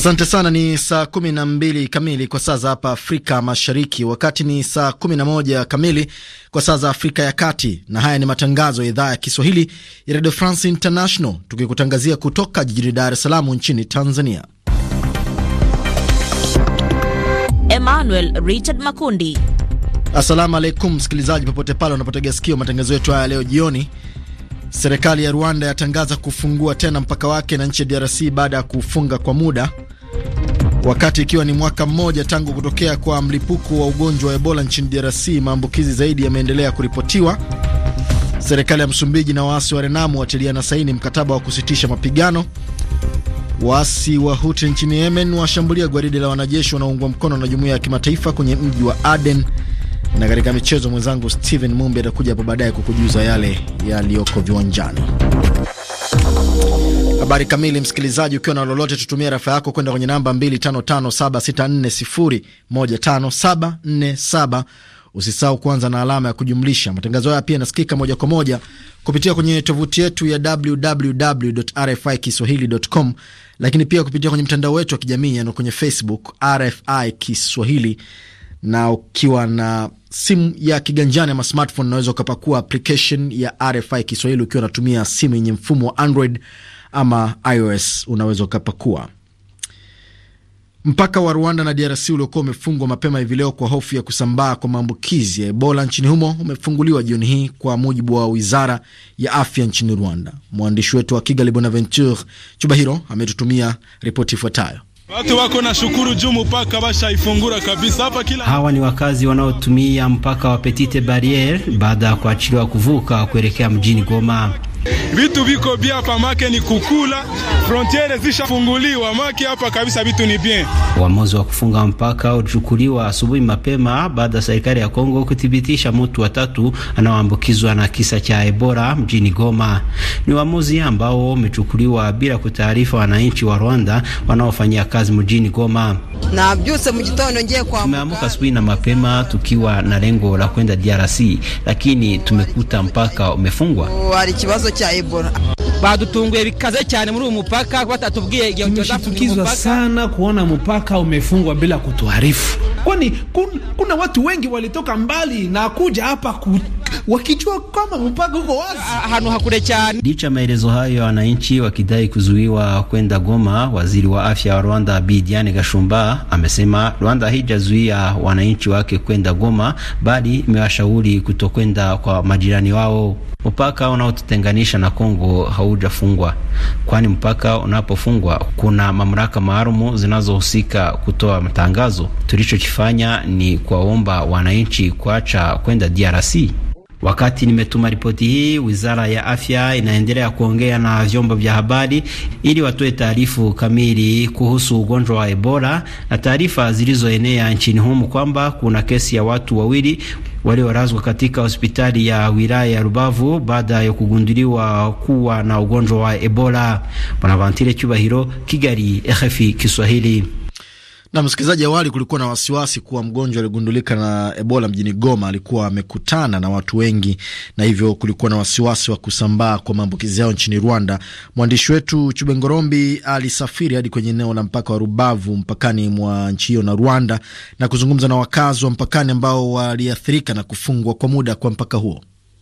Asante sana. Ni saa kumi na mbili kamili kwa saa za hapa Afrika Mashariki, wakati ni saa kumi na moja kamili kwa saa za Afrika ya Kati, na haya ni matangazo ya idhaa ya Kiswahili ya Radio France International, tukikutangazia kutoka jijini Dar es Salaam nchini Tanzania. Emmanuel Richard Makundi. Assalamu alaikum msikilizaji, popote pale unapotega sikio matangazo yetu haya leo jioni. Serikali ya Rwanda yatangaza kufungua tena mpaka wake na nchi ya DRC baada ya kufunga kwa muda, wakati ikiwa ni mwaka mmoja tangu kutokea kwa mlipuko wa ugonjwa wa Ebola nchini DRC. Maambukizi zaidi yameendelea kuripotiwa. Serikali ya Msumbiji na waasi wa Renamu watiliana saini mkataba wa kusitisha mapigano. Waasi wa Huti nchini Yemen washambulia gwaridi la wanajeshi wanaoungwa mkono na jumuiya ya kimataifa kwenye mji wa Aden na katika michezo, mwenzangu Steven Mumbi atakuja hapo baadaye kukujuza yale yaliyoko viwanjani. Habari kamili, msikilizaji, ukiwa na lolote, tutumia rafa yako kwenda kwenye namba 255764015747. Usisahau kuanza na alama ya kujumlisha. Matangazo haya pia yanasikika moja kwa moja kupitia kwenye tovuti yetu ya www.rfikiswahili.com, lakini pia kupitia kwenye mtandao wetu wa kijamii, yaani kwenye Facebook RFI Kiswahili na ukiwa na simu ya kiganjani ama smartphone unaweza ukapakua application ya RFI Kiswahili. Ukiwa unatumia simu yenye mfumo wa Android ama iOS unaweza ukapakua. Mpaka wa Rwanda na DRC uliokuwa umefungwa mapema hivi leo kwa hofu ya kusambaa kwa maambukizi ya Ebola nchini humo umefunguliwa jioni hii kwa mujibu wa wizara ya afya nchini Rwanda. Mwandishi wetu wa Kigali, Bonaventure Chubahiro, ametutumia ripoti ifuatayo. Watu wako na shukuru juu mpaka bashaifungura kabisa hapa kila. Hawa ni wakazi wanaotumia mpaka wa Petite Barriere baada ya kuachiliwa kuvuka kuelekea mjini Goma vitu viko bia hapa, make ni kukula, frontiere zishafunguliwa make hapa kabisa, vitu ni bien. Uamuzi wa kufunga mpaka ulichukuliwa asubuhi mapema baada ya serikali ya Kongo kuthibitisha mtu watatu anaoambukizwa na kisa cha Ebola mjini Goma. Ni uamuzi ambao umechukuliwa bila kutaarifa wananchi wa Rwanda wanaofanyia kazi mjini Goma. Na abuse mjitondo nje kwa tumeamuka asubuhi na mapema tukiwa na lengo la kwenda DRC, lakini tumekuta mpaka umefungwa kibazo cha Ebola. Badutunguye bikaze cyane muri uyu mupaka, batatubwiye igihe tutazafunga sana kuona mpaka umefungwa bila kutuarifu, kwani kun, kuna watu wengi walitoka mbali na kuja hapa ku, wakijua kama mpaka uko wazi ahantu hakure cyane. Licha maelezo hayo, wananchi wakidai kuzuiwa kwenda Goma, waziri wa afya wa Rwanda Bidiane Gashumba amesema Rwanda haijazuia wananchi wake kwenda Goma, bali imewashauri kutokwenda kwa majirani wao. Mpaka unaotutenganisha na Kongo haujafungwa, kwani mpaka unapofungwa kuna mamlaka maalum zinazohusika kutoa matangazo. Tulichokifanya ni kuwaomba wananchi kuacha kwenda DRC. Wakati nimetuma ripoti hii, wizara ya afya inaendelea kuongea na vyombo vya habari ili watoe taarifu kamili kuhusu ugonjwa wa Ebola na taarifa zilizoenea nchini humu kwamba kuna kesi ya watu wawili waliolazwa katika hospitali ya wilaya ya Rubavu baada ya kugunduliwa kuwa na ugonjwa wa Ebola. Bonaventure Cyubahiro, Kigali, RFI Kiswahili. Na msikilizaji, awali kulikuwa na wasiwasi kuwa mgonjwa aligundulika na Ebola mjini Goma alikuwa amekutana na watu wengi na hivyo kulikuwa na wasiwasi wa kusambaa kwa maambukizi yao nchini Rwanda. Mwandishi wetu Chubengorombi alisafiri hadi kwenye eneo la mpaka wa Rubavu, mpakani mwa nchi hiyo na Rwanda, na kuzungumza na wakazi wa mpakani ambao waliathirika na kufungwa kwa muda kwa mpaka huo.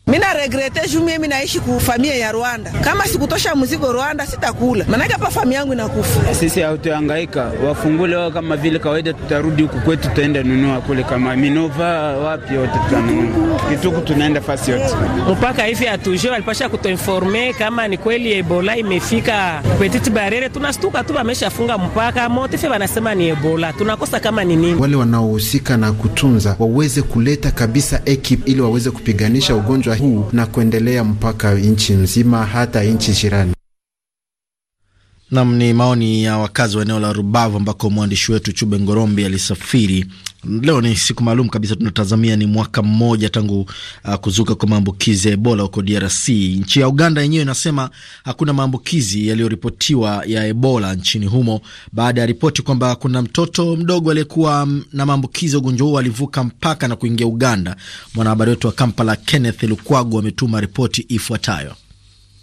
Mina regrete jumie mimi naishi ku familia ya Rwanda. Kama sikutosha mzigo Rwanda sitakula. Maana hapa familia yangu inakufa. Sisi hatuhangaika. Wafungule wao kama vile kawaida tutarudi huku kwetu tutaenda nunua kule kama Minova wapi yote tutanunua. Kituko tunaenda fasi yote. Mpaka hivi atujue alipasha kutoinforme kama ni kweli Ebola imefika Petite Barriere tunastuka tu wameshafunga mpaka mote fe wanasema ni Ebola. Tunakosa kama ni nini. Wale wanaohusika na kutunza waweze kuleta kabisa ekip ili waweze kupiganisha ugonjwa huu na kuendelea mpaka nchi nzima, hata nchi jirani. Nam ni maoni ya wakazi wa eneo la Rubavu ambako mwandishi wetu Chube Ngorombi alisafiri Leo ni siku maalum kabisa, tunatazamia ni mwaka mmoja tangu uh, kuzuka kwa maambukizi ya Ebola huko DRC. Nchi ya Uganda yenyewe inasema hakuna maambukizi yaliyoripotiwa ya Ebola nchini humo baada ya ripoti kwamba kuna mtoto mdogo aliyekuwa um, na maambukizi ya ugonjwa huo alivuka mpaka na kuingia Uganda. Mwanahabari wetu wa Kampala Kenneth Lukwago ametuma ripoti ifuatayo.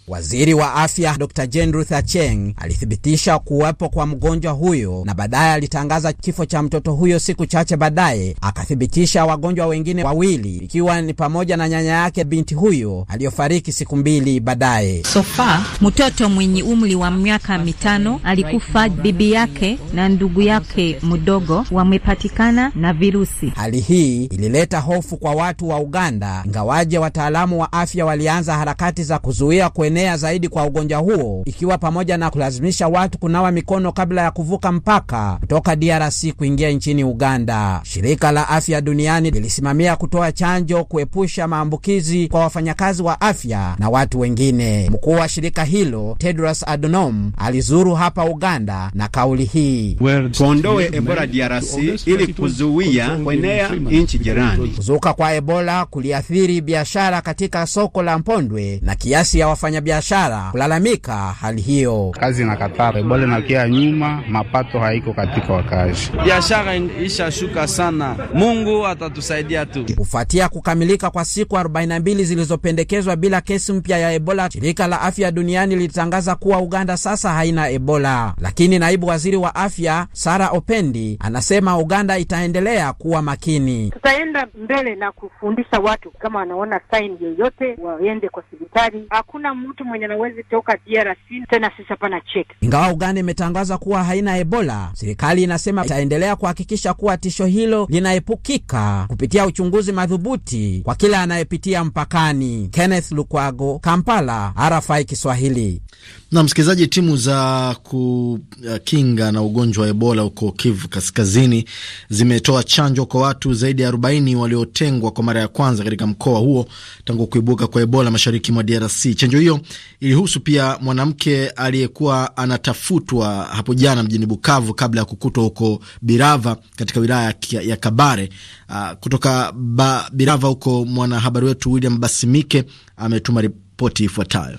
Waziri wa afya Dr. Jane Ruth Acheng alithibitisha kuwepo kwa mgonjwa huyo na baadaye alitangaza kifo cha mtoto huyo siku chache baadaye, akathibitisha wagonjwa wengine wawili ikiwa ni pamoja na nyanya yake binti huyo aliyofariki siku mbili baadaye. So far mtoto mwenye umri wa miaka mitano alikufa, bibi yake na ndugu yake mdogo wamepatikana na virusi. Hali hii ilileta hofu kwa watu wa Uganda, ingawaje wataalamu wa afya walianza harakati za kuzuia kuenea kuenea zaidi kwa ugonjwa huo, ikiwa pamoja na kulazimisha watu kunawa mikono kabla ya kuvuka mpaka kutoka DRC kuingia nchini Uganda. Shirika la Afya Duniani lilisimamia kutoa chanjo kuepusha maambukizi kwa wafanyakazi wa afya na watu wengine. Mkuu wa shirika hilo Tedros Adhanom alizuru hapa Uganda na kauli hii: tuondoe Ebola DRC ili kuzuia kuenea nchi jirani. Kuzuka kwa Ebola kuliathiri biashara katika soko la Mpondwe na kiasi ya wafanya biashara kulalamika hali hiyo. Kazi inakataa rebole na kia nyuma, mapato haiko katika wakazi, biashara ishashuka sana. Mungu atatusaidia tu. Kufuatia kukamilika kwa siku 42 zilizopendekezwa bila kesi mpya ya Ebola, shirika la afya duniani lilitangaza kuwa Uganda sasa haina Ebola, lakini naibu waziri wa afya Sara Opendi anasema Uganda itaendelea kuwa makini. Tutaenda mbele na kufundisha watu, kama wanaona sign yoyote waende kwa hospitali. Hakuna mtu mtu mwenye anawezi toka DRC tena sisi na check. Ingawa Uganda imetangaza kuwa haina Ebola, serikali inasema itaendelea kuhakikisha kuwa tisho hilo linaepukika kupitia uchunguzi madhubuti kwa kila anayepitia mpakani. Kenneth Lukwago, Kampala, RFI Kiswahili. Na msikilizaji, timu za kukinga na ugonjwa wa Ebola huko Kivu Kaskazini zimetoa chanjo kwa watu zaidi ya 40 waliotengwa kwa mara ya kwanza katika mkoa huo tangu kuibuka kwa Ebola mashariki mwa DRC. Chanjo hiyo ilihusu pia mwanamke aliyekuwa anatafutwa hapo jana mjini Bukavu kabla ya kukutwa huko Birava katika wilaya ya Kabare. Uh, kutoka ba Birava huko mwanahabari wetu William Basimike ametuma ripoti ifuatayo.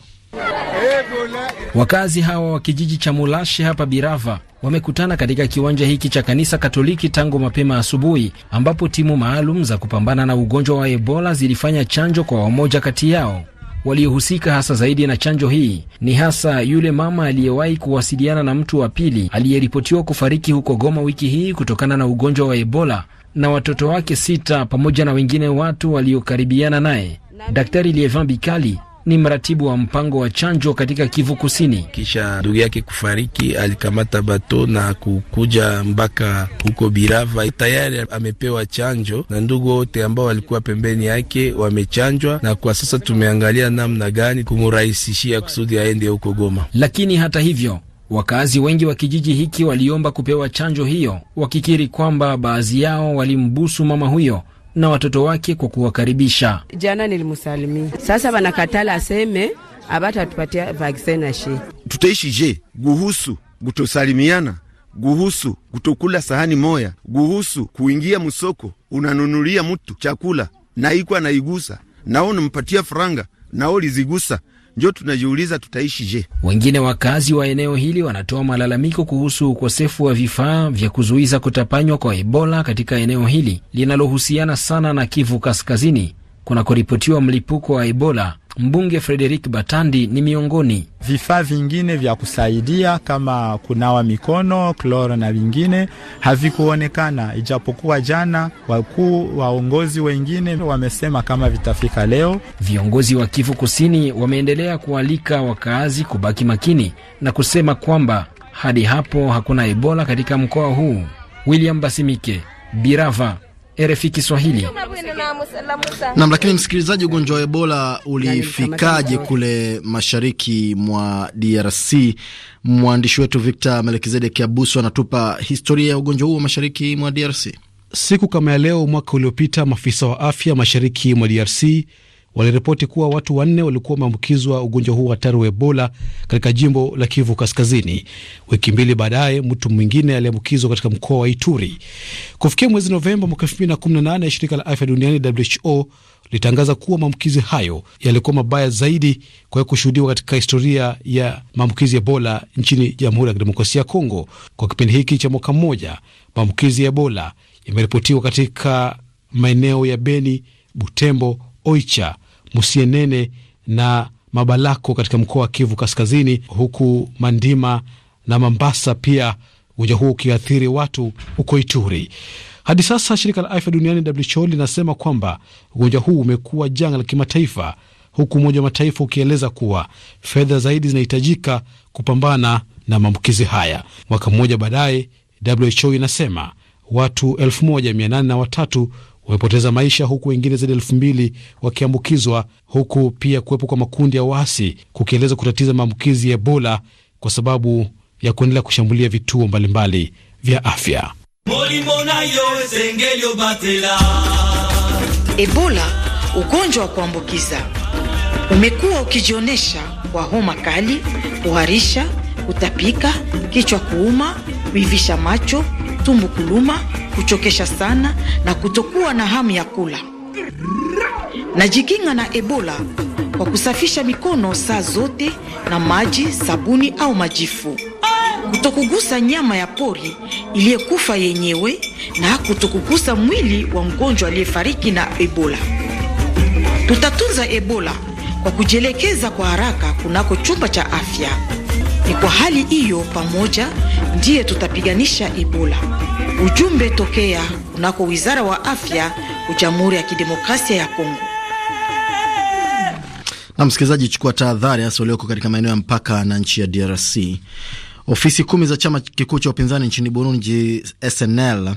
Wakazi hawa wa kijiji cha Mulashe hapa Birava wamekutana katika kiwanja hiki cha kanisa Katoliki tangu mapema asubuhi, ambapo timu maalum za kupambana na ugonjwa wa Ebola zilifanya chanjo kwa wamoja kati yao. Waliohusika hasa zaidi na chanjo hii ni hasa yule mama aliyewahi kuwasiliana na mtu wa pili aliyeripotiwa kufariki huko Goma wiki hii kutokana na ugonjwa wa Ebola na watoto wake sita pamoja na wengine watu waliokaribiana naye. Daktari Lievan Bikali ni mratibu wa mpango wa chanjo katika Kivu Kusini. Kisha ndugu yake kufariki, alikamata bato na kukuja mpaka huko Birava. Tayari amepewa chanjo na ndugu wote ambao walikuwa pembeni yake wamechanjwa, na kwa sasa tumeangalia namna gani kumurahisishia kusudi aende huko Goma. Lakini hata hivyo Wakazi wengi wa kijiji hiki waliomba kupewa chanjo hiyo, wakikiri kwamba baadhi yao walimbusu mama huyo na watoto wake kwa kuwakaribisha. Jana nilimsalimia, sasa wanakatala aseme abatatupatia vaksini na shi tutaishi je? guhusu gutosalimiana guhusu kutokula sahani moya, guhusu kuingia musoko unanunulia mutu chakula na iko anaigusa, nawo unampatia franga, nawo lizigusa ndio tunajiuliza je? Wengine wakazi wa eneo hili wanatoa malalamiko kuhusu ukosefu wa vifaa vya kuzuiza kutapanywa kwa Ebola katika eneo hili linalohusiana sana na Kivu Kaskazini kunakoripotiwa mlipuko wa Ebola Mbunge frederik Batandi ni miongoni. Vifaa vingine vya kusaidia kama kunawa mikono, kloro na vingine havikuonekana, ijapokuwa jana wakuu waongozi wengine wamesema kama vitafika leo. Viongozi wa Kivu Kusini wameendelea kualika wakaazi kubaki makini na kusema kwamba hadi hapo hakuna Ebola katika mkoa huu. William Basimike, Birava, RFI Kiswahili. Naam, lakini msikilizaji, ugonjwa wa Ebola ulifikaje kule mashariki mwa DRC? Mwandishi wetu Victor Melkizedek Abuso anatupa historia ya ugonjwa huo mashariki mwa DRC. Siku kama ya leo mwaka uliopita, maafisa wa afya mashariki mwa DRC waliripoti kuwa watu wanne walikuwa wameambukizwa ugonjwa huu hatari wa Ebola katika jimbo la Kivu Kaskazini. Wiki mbili baadaye, mtu mwingine aliambukizwa katika mkoa wa Ituri. Kufikia mwezi Novemba mwaka 2018 shirika la afya duniani WHO litangaza kuwa maambukizi hayo yalikuwa mabaya zaidi kwa kushuhudiwa katika historia ya maambukizi ya Ebola nchini Jamhuri ya Kidemokrasia ya Kongo. Kwa kipindi hiki cha mwaka mmoja, maambukizi ya Ebola yameripotiwa katika maeneo ya Beni, Butembo, Oicha, Musienene na Mabalako katika mkoa wa Kivu Kaskazini, huku Mandima na Mambasa pia ugonjwa huo ukiathiri watu huko Ituri. Hadi sasa shirika la afya duniani WHO linasema kwamba ugonjwa huu umekuwa janga la kimataifa, huku Umoja wa Mataifa ukieleza kuwa fedha zaidi zinahitajika kupambana na maambukizi haya. Mwaka mmoja baadaye, WHO inasema watu elfu moja wamepoteza maisha huku wengine zaidi ya elfu mbili wakiambukizwa, huku pia kuwepo kwa makundi ya waasi kukieleza kutatiza maambukizi ya Ebola kwa sababu ya kuendelea kushambulia vituo mbalimbali vya afya. Ebola ugonjwa wa kuambukiza umekuwa ukijionyesha kwa homa kali, kuharisha, kutapika, kichwa kuuma, kuivisha macho tumbo kuluma, kuchokesha sana na kutokuwa na hamu ya kula. Najikinga na Ebola kwa kusafisha mikono saa zote na maji, sabuni au majifu, kutokugusa nyama ya pori iliyekufa yenyewe na kutokugusa mwili wa mgonjwa aliyefariki na Ebola. Tutatunza Ebola kwa kujielekeza kwa haraka kunako chumba cha afya. Ni kwa hali hiyo pamoja ndiye tutapiganisha Ebola. Ujumbe tokea unako Wizara wa Afya Jamhuri ya Kidemokrasia ya Kongo. Na msikilizaji, chukua tahadhari hasa ulioko katika maeneo ya mpaka na nchi ya DRC. Ofisi kumi za chama kikuu cha upinzani nchini Burundi SNL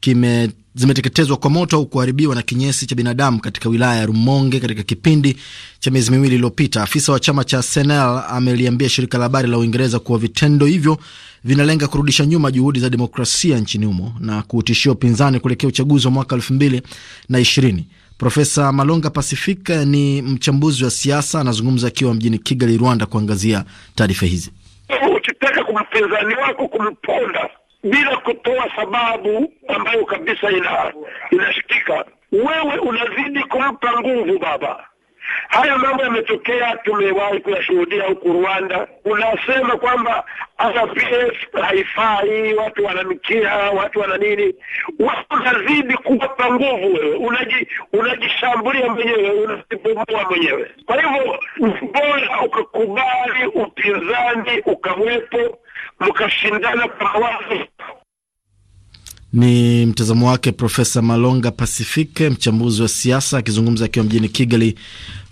kime zimeteketezwa kwa moto au kuharibiwa na kinyesi cha binadamu katika wilaya ya Rumonge katika kipindi cha miezi miwili iliyopita. Afisa wa chama cha Senel ameliambia shirika la habari la Uingereza kuwa vitendo hivyo vinalenga kurudisha nyuma juhudi za demokrasia nchini humo na kuutishia upinzani kuelekea uchaguzi wa mwaka elfu mbili na ishirini. Profesa Malonga Pasifika ni mchambuzi wa siasa, anazungumza akiwa mjini Kigali, Rwanda, kuangazia taarifa hizi. Ukitaka kumpinzani wako kumponda bila kutoa sababu ambayo kabisa ina inashikika. Wewe unazidi kumpa nguvu baba Haya mambo yametokea, tumewahi kuyashuhudia huku Rwanda. Unasema kwamba RPF haifai, watu wanamikia, watu wana nini, unazidi kuwapa nguvu wewe, unaji unajishambulia mwenyewe, unajibomoa mwenyewe. Kwa hivyo bora ukakubali upinzani ukawepo, mkashindana kwa mawazo. Ni mtazamo wake Profesa Malonga Pasifike, mchambuzi wa siasa akizungumza akiwa mjini Kigali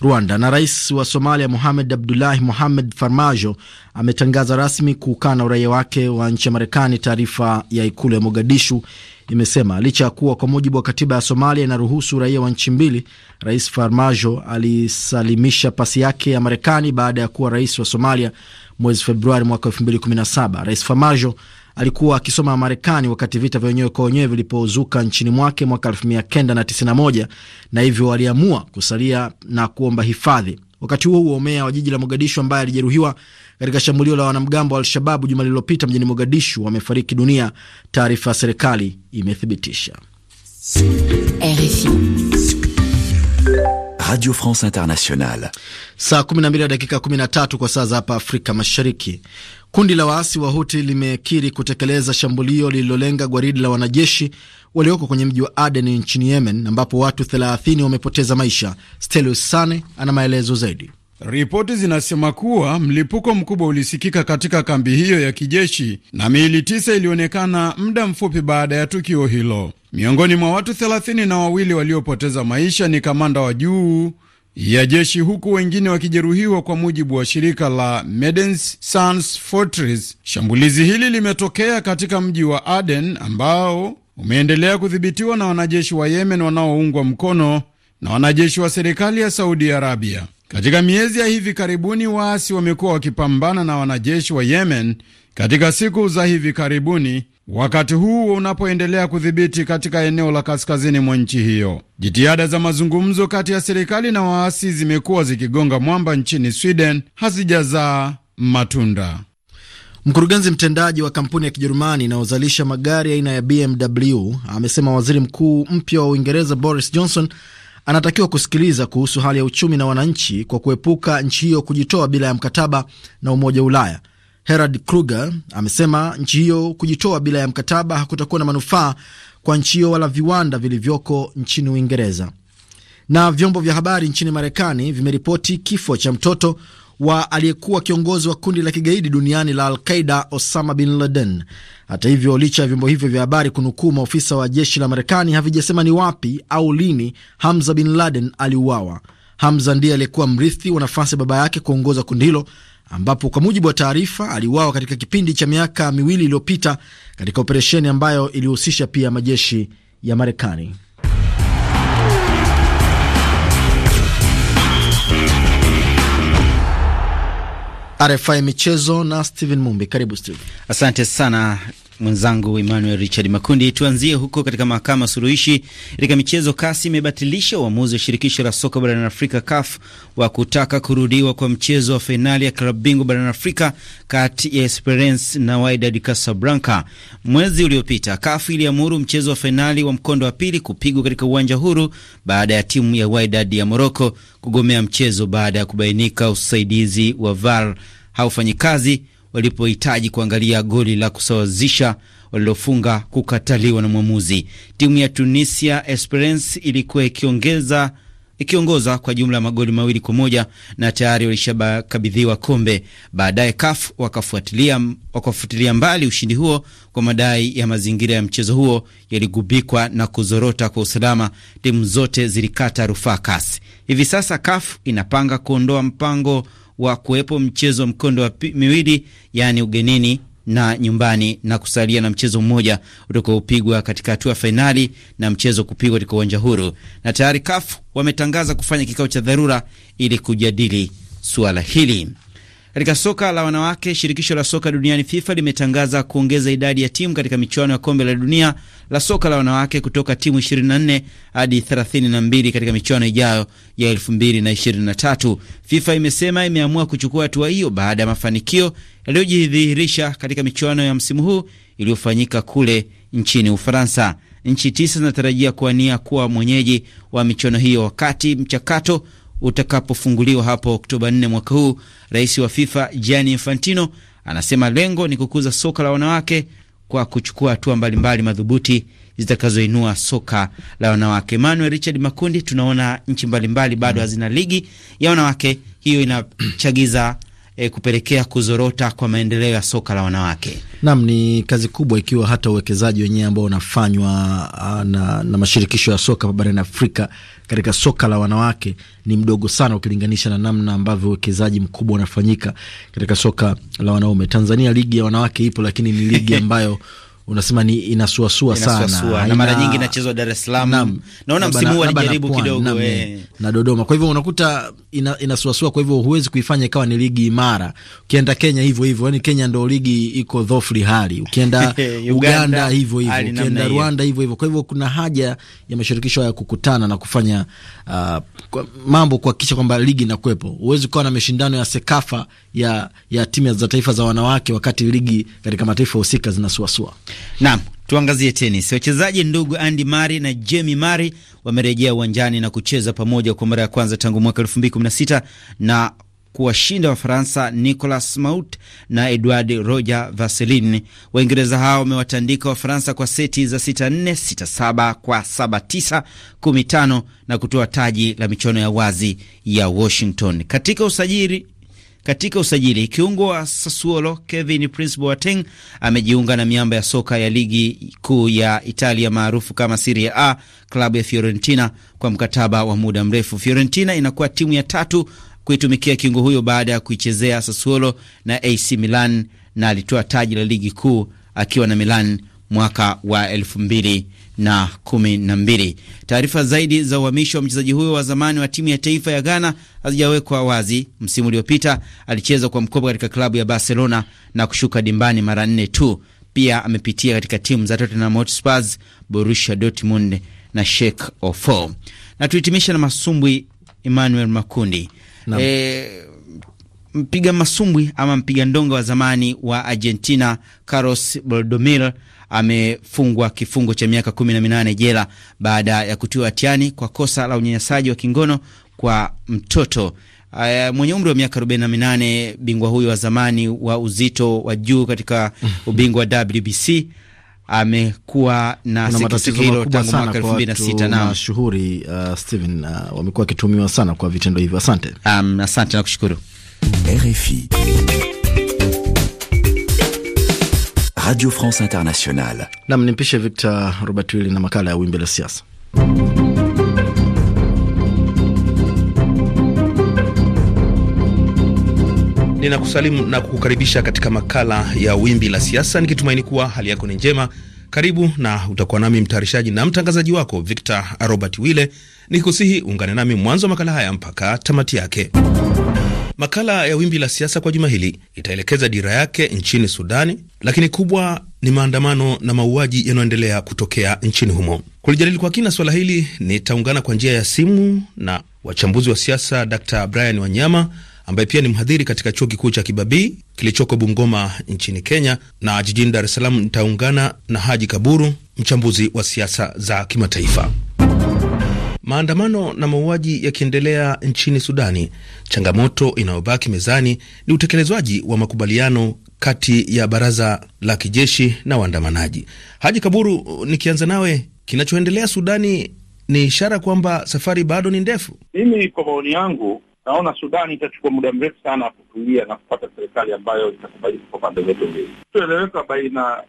Rwanda. Na rais wa Somalia Mohamed Abdullahi Mohamed Farmajo ametangaza rasmi kuukana uraia wake wa nchi ya Marekani, taarifa ya ikulu ya Mogadishu imesema licha ya kuwa kwa mujibu wa katiba ya Somalia inaruhusu raia wa nchi mbili, Rais Farmajo alisalimisha pasi yake ya Marekani baada ya kuwa rais wa Somalia mwezi Februari mwaka 2017. Rais Farmajo alikuwa akisoma Marekani wakati vita vya wenyewe kwa wenyewe vilipozuka nchini mwake mwaka 1991 na, na hivyo aliamua kusalia na kuomba hifadhi. Wakati huo huo, meya wa jiji la Mogadishu ambaye alijeruhiwa katika shambulio la wanamgambo wa Al-Shababu juma lililopita mjini Mogadishu amefariki dunia, taarifa ya serikali imethibitisha. RFI Radio France Internationale, saa 12 na dakika 13 kwa saa za hapa Afrika Mashariki. Kundi la waasi wa Huti limekiri kutekeleza shambulio lililolenga gwaridi la wanajeshi walioko kwenye mji wa Aden nchini Yemen, ambapo watu 30 wamepoteza maisha. Stelus Sane ana maelezo zaidi. Ripoti zinasema kuwa mlipuko mkubwa ulisikika katika kambi hiyo ya kijeshi na miili tisa ilionekana muda mfupi baada ya tukio hilo. Miongoni mwa watu thelathini na wawili waliopoteza maisha ni kamanda wa juu ya jeshi huku wengine wakijeruhiwa, kwa mujibu wa shirika la Medecins Sans Frontieres. Shambulizi hili limetokea katika mji wa Aden ambao umeendelea kudhibitiwa na wanajeshi wa Yemen wanaoungwa mkono na wanajeshi wa serikali ya Saudi Arabia. Katika miezi ya hivi karibuni, waasi wamekuwa wakipambana na wanajeshi wa Yemen katika siku za hivi karibuni wakati huu unapoendelea kudhibiti katika eneo la kaskazini mwa nchi hiyo. Jitihada za mazungumzo kati ya serikali na waasi zimekuwa zikigonga mwamba nchini Sweden, hazijazaa matunda. Mkurugenzi mtendaji wa kampuni ya Kijerumani inayozalisha magari aina ya BMW amesema waziri mkuu mpya wa Uingereza Boris Johnson anatakiwa kusikiliza kuhusu hali ya uchumi na wananchi kwa kuepuka nchi hiyo kujitoa bila ya mkataba na Umoja wa Ulaya. Herald Kruger amesema nchi hiyo kujitoa bila ya mkataba hakutakuwa na manufaa kwa nchi hiyo wala viwanda vilivyoko nchini Uingereza. Na vyombo vya habari nchini Marekani vimeripoti kifo cha mtoto wa aliyekuwa kiongozi wa kundi la kigaidi duniani la Alqaida Osama bin Laden. Hata hivyo, licha ya vyombo hivyo vya habari kunukuu maofisa wa jeshi la Marekani, havijasema ni wapi au lini Hamza bin Laden aliuawa. Hamza ndiye aliyekuwa mrithi wa nafasi ya baba yake kuongoza kundi hilo ambapo kwa mujibu wa taarifa aliuawa katika kipindi cha miaka miwili iliyopita katika operesheni ambayo ilihusisha pia majeshi ya Marekani. RFI Michezo na Steven Mumbi. Karibu Steven. Asante sana mwenzangu Emmanuel Richard Makundi. Tuanzie huko katika mahakama suluhishi katika michezo. Kasi imebatilisha uamuzi wa shirikisho la soka barani Afrika CAF wa kutaka kurudiwa kwa mchezo wa fainali ya klabu bingwa barani Afrika kati ya Esperance na Wydad Casablanca. Mwezi uliopita CAF iliamuru mchezo wa fainali wa mkondo wa pili kupigwa katika uwanja huru baada ya timu ya Wydad ya Morocco kugomea mchezo baada ya kubainika usaidizi wa VAR haufanyi kazi walipohitaji kuangalia goli la kusawazisha walilofunga kukataliwa na mwamuzi. Timu ya Tunisia Esperance ilikuwa ikiongeza ikiongoza kwa jumla ya magoli mawili kwa moja na tayari walishakabidhiwa kombe. Baadaye CAF wakafuatilia mbali ushindi huo kwa madai ya mazingira ya mchezo huo yaligubikwa na kuzorota kwa usalama, timu zote zilikata rufaa kasi. Hivi sasa CAF inapanga kuondoa mpango wa kuwepo mchezo wa mkondo wa miwili, yaani ugenini na nyumbani, na kusalia na mchezo mmoja utakaopigwa katika hatua fainali na mchezo kupigwa katika uwanja huru. Na tayari CAF wametangaza kufanya kikao cha dharura ili kujadili suala hili. Katika soka la wanawake, shirikisho la soka duniani FIFA limetangaza kuongeza idadi ya timu katika michuano ya kombe la dunia la soka la wanawake kutoka timu 24 hadi 32 katika michuano ijayo ya 2023. FIFA imesema imeamua kuchukua hatua hiyo baada ya mafanikio yaliyojidhihirisha katika michuano ya msimu huu iliyofanyika kule nchini Ufaransa. Nchi tisa zinatarajia kuwania kuwa mwenyeji wa michuano hiyo, wakati mchakato utakapofunguliwa hapo Oktoba 4 mwaka huu. Rais wa FIFA Gianni Infantino anasema lengo ni kukuza soka la wanawake kwa kuchukua hatua mbalimbali madhubuti zitakazoinua soka la wanawake. Manuel Richard Makundi, tunaona nchi mbalimbali bado hazina ligi ya wanawake, hiyo inachagiza e, kupelekea kuzorota kwa maendeleo ya soka la wanawake. Naam, ni kazi kubwa, ikiwa hata uwekezaji wenyewe ambao unafanywa ah, na, na mashirikisho ya soka barani Afrika katika soka la wanawake ni mdogo sana ukilinganisha na namna ambavyo uwekezaji mkubwa unafanyika katika soka la wanaume. Tanzania ligi ya wanawake ipo, lakini ni ligi ambayo unasema ni inasuasua sana na mara nyingi inachezwa Dar es Salaam, naona msimu huu alijaribu kidogo na, e. Eh. Eh, na Dodoma. Kwa hivyo unakuta ina, inasuasua. Kwa hivyo huwezi kuifanya ikawa ni ligi imara. Ukienda Kenya hivyo hivyo, yani Kenya ndo ligi iko dhofli hali, ukienda Uganda hivyo hivyo, ukienda Rwanda hivyo hivyo. Kwa hivyo kuna haja ya mashirikisho haya kukutana na kufanya uh, kwa, mambo kuhakikisha kwamba ligi inakuwepo. Huwezi kuwa na mashindano ya Sekafa ya, ya timu za taifa za wanawake wakati ligi katika mataifa husika zinasuasua. Naam, tuangazie tenis. Wachezaji ndugu Andy Murray na Jamie Murray wamerejea uwanjani na kucheza pamoja kwa mara ya kwanza tangu mwaka 2016 na kuwashinda Wafaransa Nicolas Maut na edward Roger Vaselin. Waingereza hao wamewatandika Wafaransa kwa seti za 6-4, 6-7 kwa 7-9, 15 na kutoa taji la michuano ya wazi ya Washington. Katika usajili katika usajili. Kiungo wa Sassuolo Kevin Prince Boateng amejiunga na miamba ya soka ya ligi kuu ya Italia maarufu kama Serie A, klabu ya Fiorentina kwa mkataba wa muda mrefu. Fiorentina inakuwa timu ya tatu kuitumikia kiungo huyo baada ya kuichezea Sassuolo na AC Milan, na alitoa taji la ligi kuu akiwa na Milan mwaka wa elfu mbili na kumi na mbili. Taarifa zaidi za uhamisho wa mchezaji huyo wa zamani wa timu ya taifa ya Ghana hazijawekwa wazi. Msimu uliopita alicheza kwa mkopo katika klabu ya Barcelona na kushuka dimbani mara nne tu. Pia amepitia katika timu za Tottenham Hotspur, Borussia Dortmund na Schalke 04. Na tuhitimisha na masumbwi Emmanuel Makundi na, E, eh, mpiga masumbwi ama mpiga ndonga wa zamani wa Argentina Carlos Baldomir amefungwa kifungo cha miaka kumi na minane jela baada ya kutiwa hatiani kwa kosa la unyanyasaji wa kingono kwa mtoto. Uh, mwenye umri wa miaka arobaini na minane. bingwa huyo wa zamani wa uzito wa juu katika ubingwa wa WBC amekuwa na sikisiki hilo tangu mwaka elfu 2006 na mashuhuri uh, Steven uh, wamekuwa wakitumiwa sana kwa vitendo hivyo. Asante, um, asante na kushukuru RFI. Radio France Internationale. Nam ni mpishe Victor Robert Wili na makala ya wimbi la siasa. Ninakusalimu na kukukaribisha katika makala ya wimbi la siasa, nikitumaini kuwa hali yako ni njema. Karibu na utakuwa nami mtayarishaji na mtangazaji wako Victor Robert Wile, nikikusihi uungane nami mwanzo wa makala haya mpaka tamati yake. Makala ya Wimbi la Siasa kwa juma hili itaelekeza dira yake nchini Sudani, lakini kubwa ni maandamano na mauaji yanayoendelea kutokea nchini humo. Kulijadili kwa kina swala hili, nitaungana kwa njia ya simu na wachambuzi wa siasa, Dr Brian Wanyama ambaye pia ni mhadhiri katika chuo kikuu cha Kibabii kilichoko Bungoma nchini Kenya, na jijini Dar es Salaam nitaungana na Haji Kaburu, mchambuzi wa siasa za kimataifa. Maandamano na mauaji yakiendelea nchini Sudani, changamoto inayobaki mezani ni utekelezwaji wa makubaliano kati ya baraza la kijeshi na waandamanaji. Haji Kaburu, nikianza nawe, kinachoendelea Sudani ni ishara kwamba safari bado ni ndefu. Mimi kwa maoni yangu naona Sudani itachukua muda mrefu sana kutulia na kupata serikali ambayo itakubalika kwa pande zote mbili. Tueleweka baina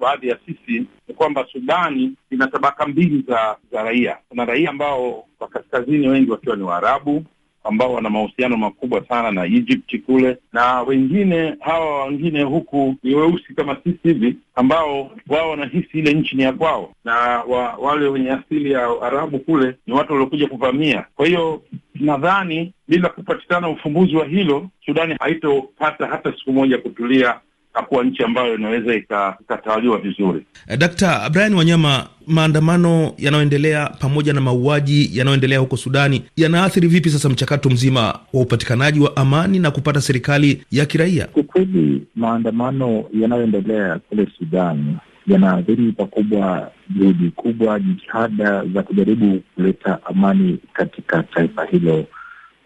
baadhi ya sisi ni kwamba Sudani ina tabaka mbili za za raia. Kuna raia ambao wa kaskazini, wengi wakiwa ni Waarabu ambao wana mahusiano makubwa sana na Egypt kule, na wengine hawa wengine huku ni weusi kama sisi hivi, ambao wao wanahisi ile nchi ni ya kwao, na wa, wale wenye asili ya Arabu kule ni watu waliokuja kuvamia. Kwa hiyo nadhani bila kupatikana ufumbuzi wa hilo, Sudani haitopata hata siku moja kutulia itakuwa nchi ambayo inaweza ikatawaliwa vizuri. Eh, Dkt. Brian Wanyama, maandamano yanayoendelea pamoja na mauaji yanayoendelea huko Sudani yanaathiri vipi sasa mchakato mzima wa upatikanaji wa amani na kupata serikali ya kiraia? Kwa kweli maandamano yanayoendelea kule Sudani yanaathiri pakubwa juhudi kubwa, jitihada za kujaribu kuleta amani katika taifa hilo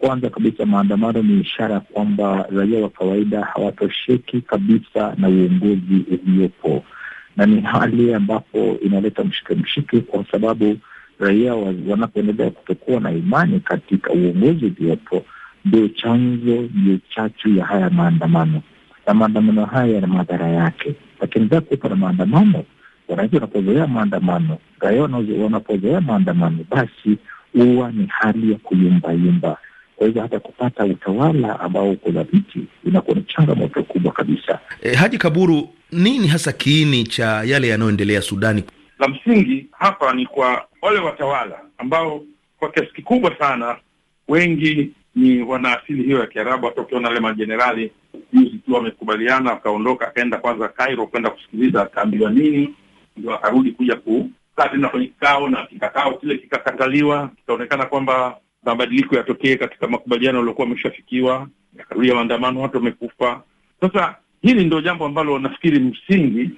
kwanza kabisa, maandamano ni ishara ya kwamba raia wa kawaida hawatosheki kabisa na uongozi uliopo, na ni hali ambapo inaleta mshike mshike, kwa sababu raia wanapoendelea kutokuwa na imani katika uongozi uliopo, ndio chanzo, ndio chachu ya haya maandamano, na maandamano haya yana madhara yake. Lakini bila kuwepo na maandamano, wananchi wanapozoea maandamano, raia wanapozoea maandamano, basi huwa ni hali ya kuyumbayumba kuweza hata kupata utawala ambao uko dhabiti unakuwa ni changamoto kubwa kabisa. E, Haji Kaburu, nini hasa kiini cha yale yanayoendelea Sudani? La msingi hapa ni kwa wale watawala ambao kwa kiasi kikubwa sana wengi ni wana asili hiyo ya Kiarabu. Hata ukiona wale majenerali juzi tu wamekubaliana, akaondoka akaenda kwanza Cairo kwenda kusikiliza akaambiwa nini, ndio akarudi kuja kukaa tena kwenye kikao, na kikakao kile kikakataliwa, kikaonekana kwamba mabadiliko yatokee katika makubaliano yaliokuwa ameshafikiwa, yakarudia maandamano, watu wamekufa. Sasa hili ndio jambo ambalo nafikiri msingi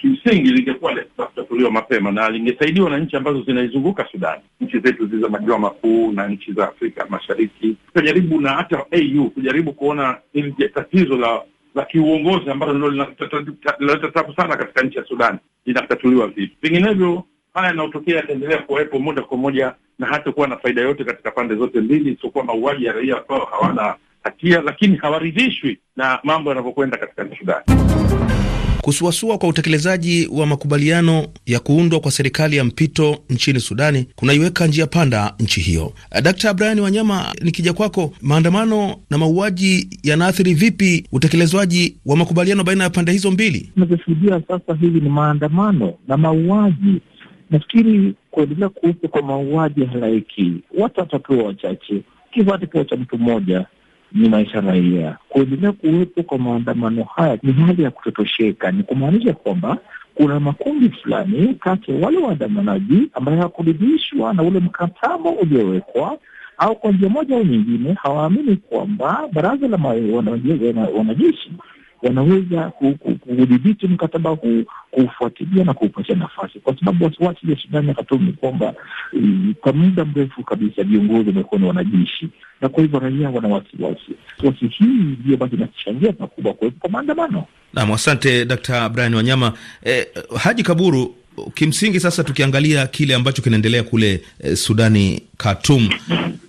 kimsingi lingekuwa litatuliwa mapema na lingesaidiwa na nchi ambazo zinaizunguka Sudani, nchi zetu zile za maziwa makuu na nchi za Afrika Mashariki, kujaribu na hata AU kujaribu kuona hili tatizo la la kiuongozi ambalo ndio linaleta tabu sana katika nchi ya Sudani linatatuliwa vipi. Vinginevyo haya yanaotokea yataendelea kuwepo moja kwa moja na hata kuwa na faida yote katika pande zote mbili, isiokuwa mauaji ya raia ambao hawana hatia, lakini hawaridhishwi na mambo yanavyokwenda katika nchi Sudani. Kusuasua kwa utekelezaji wa makubaliano ya kuundwa kwa serikali ya mpito nchini Sudani kunaiweka njia panda nchi hiyo. Dkt. Brian Wanyama, nikija kwako, maandamano na mauaji yanaathiri vipi utekelezwaji wa makubaliano baina ya pande hizo mbili? Tunavyoshuhudia sasa hivi ni maandamano na mauaji Nafikiri kuendelea kuwepo kwa mauaji halaiki, watu watakiwa wachache, kifo kiwa cha mtu mmoja ni maisha raia. Kuendelea kuwepo kwa maandamano haya ni hali ya kutotosheka, ni kumaanisha kwamba kuna makundi fulani kati ya wale waandamanaji ambayo hawakuridhishwa na ule mkataba uliowekwa, au kwa njia moja au nyingine hawaamini kwamba baraza la wanajeshi wanaweza kudhibiti mkataba huu, kuufuatilia na kuupatia nafasi, kwa sababu wasiwasi ya Sudani ya Khartoum ni kwamba eh, kwa muda mrefu kabisa viongozi wamekuwa ni wanajeshi, na kwa hivyo raia wana wasiwasi. Wasi hii ndiyo basi inachangia pakubwa kuwepo kwa maandamano. Nam, asante Dkt. Brian Wanyama. Eh, Haji Kaburu, kimsingi sasa tukiangalia kile ambacho kinaendelea kule eh, Sudani Khartoum,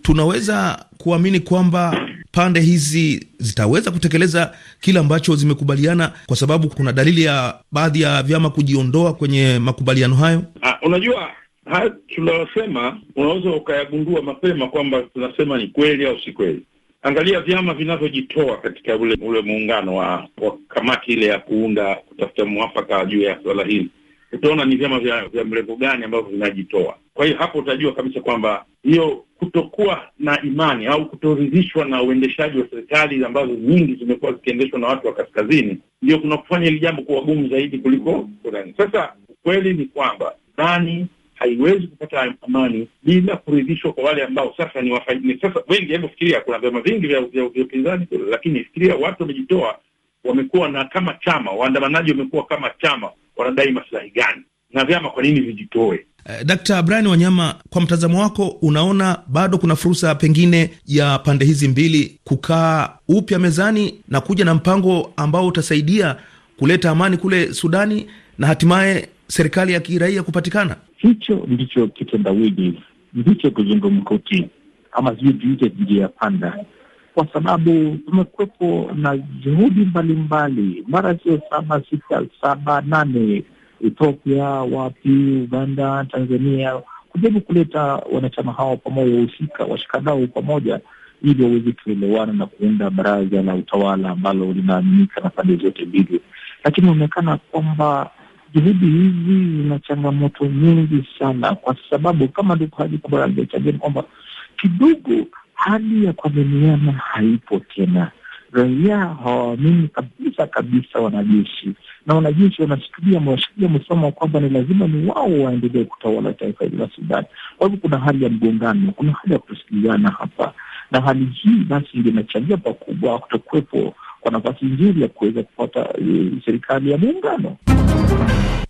tunaweza kuamini kwamba pande hizi zitaweza kutekeleza kile ambacho zimekubaliana, kwa sababu kuna dalili ya baadhi ya vyama kujiondoa kwenye makubaliano hayo? Ah, ha, unajua haya tunayosema unaweza ukayagundua mapema kwamba tunasema ni kweli au si kweli. Angalia vyama vinavyojitoa katika ule ule muungano wa, wa kamati ile ya kuunda kutafuta mwafaka juu ya swala hili, utaona ni vyama vya, vya mrengo gani ambavyo vinajitoa. Kwa hiyo hapo utajua kabisa kwamba hiyo kutokuwa na imani au kutoridhishwa na uendeshaji wa serikali ambazo nyingi zimekuwa zikiendeshwa na watu wa kaskazini, ndio kuna kufanya hili jambo kuwa gumu zaidi kuliko Kurani. Sasa ukweli ni kwamba Kurani haiwezi kupata amani bila kuridhishwa kwa wale ambao sasa ni wafaidika. Sasa wengi, hebu fikiria, kuna vyama vingi vya upinzani lakini fikiria watu wamejitoa, wamekuwa na kama chama, waandamanaji wamekuwa kama chama, wanadai masilahi gani? Na vyama kwa nini vijitoe? Eh, Dkt. Brian Wanyama, kwa mtazamo wako, unaona bado kuna fursa pengine ya pande hizi mbili kukaa upya mezani na kuja na mpango ambao utasaidia kuleta amani kule Sudani na hatimaye serikali ya kiraia kupatikana? Hicho ndicho kitendawili, ndicho kizungumkuti, ama sijui tuite njia ya panda, kwa sababu tumekuwepo na juhudi mbalimbali, mara sio saba, sita, saba, nane Ethiopia, wapi Uganda, Tanzania, kujaribu kuleta wanachama hao pamoja, wahusika washikadau pamoja, ili waweze kuelewana na kuunda baraza la utawala ambalo linaaminika na pande zote mbili. Lakini inaonekana kwamba juhudi hizi zina changamoto nyingi sana, kwa sababu kama Haji alivyochangia kwamba kidogo hali ya kuaminiana haipo tena. Raia hawaamini kabisa kabisa wanajeshi na wanajeshi wanashikilia wanashikilia msimamo kwamba ni lazima ni wao waendelee kutawala taifa hili la Sudan. Kwa hivyo kuna hali ya mgongano, kuna hali ya kutosikilizana hapa, na hali hii basi ndio inachangia pakubwa kutokuwepo kwa nafasi nzuri ya kuweza kupata eh, serikali ya muungano.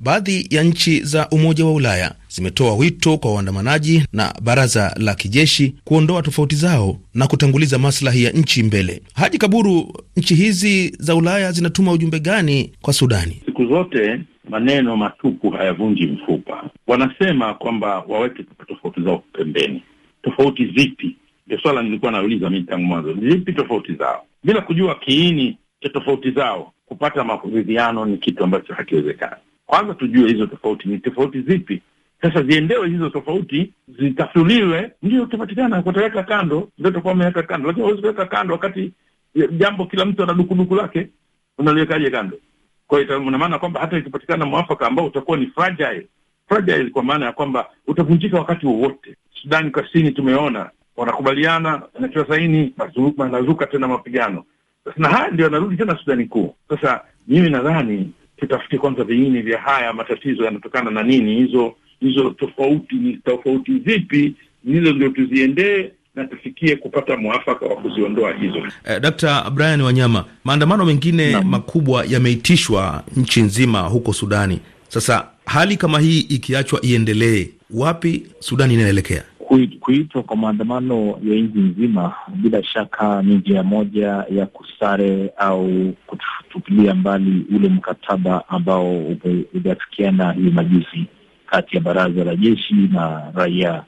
Baadhi ya nchi za Umoja wa Ulaya zimetoa wito kwa waandamanaji na baraza la kijeshi kuondoa tofauti zao na kutanguliza maslahi ya nchi mbele. Haji Kaburu, nchi hizi za Ulaya zinatuma ujumbe gani kwa Sudani? Siku zote maneno matupu hayavunji mfupa. Wanasema kwamba waweke tofauti zao pembeni. Tofauti zipi? Ndio swala nilikuwa nauliza mii tangu mwanzo, zipi tofauti zao? Bila kujua kiini cha tofauti zao, kupata maridhiano ni kitu ambacho hakiwezekani kwanza tujue hizo tofauti ni tofauti zipi. Sasa ziendewe hizo tofauti, zitatuliwe, ndio utapatikana. Kwa utaweka kando, ndio utakuwa umeweka kando, lakini huwezi kuweka kando wakati jambo kila mtu ana dukuduku lake, unaliwekaje kando? Kwa hiyo ina maana kwamba hata ikipatikana mwafaka ambao utakuwa ni fragile, fragile kwa maana ya kwamba utavunjika wakati wowote. Sudani Kusini tumeona wanakubaliana, wanatiwa saini, nazuka tena mapigano, na haya ndio yanarudi tena Sudani Kuu. Sasa mimi nadhani tutafute kwanza viini vya haya matatizo yanatokana na nini, hizo hizo tofauti ni tofauti zipi, hizo ndio tuziendee na tufikie kupata mwafaka wa kuziondoa hizo. Eh, Dkt. Brian Wanyama, maandamano mengine na makubwa yameitishwa nchi nzima huko Sudani. Sasa hali kama hii ikiachwa iendelee, wapi Sudani inaelekea? kuitwa kwa maandamano ya nchi nzima bila shaka ni njia moja ya kusare au kutupilia mbali ule mkataba ambao uliafikiana hiyo majuzi kati ya baraza la jeshi na raia.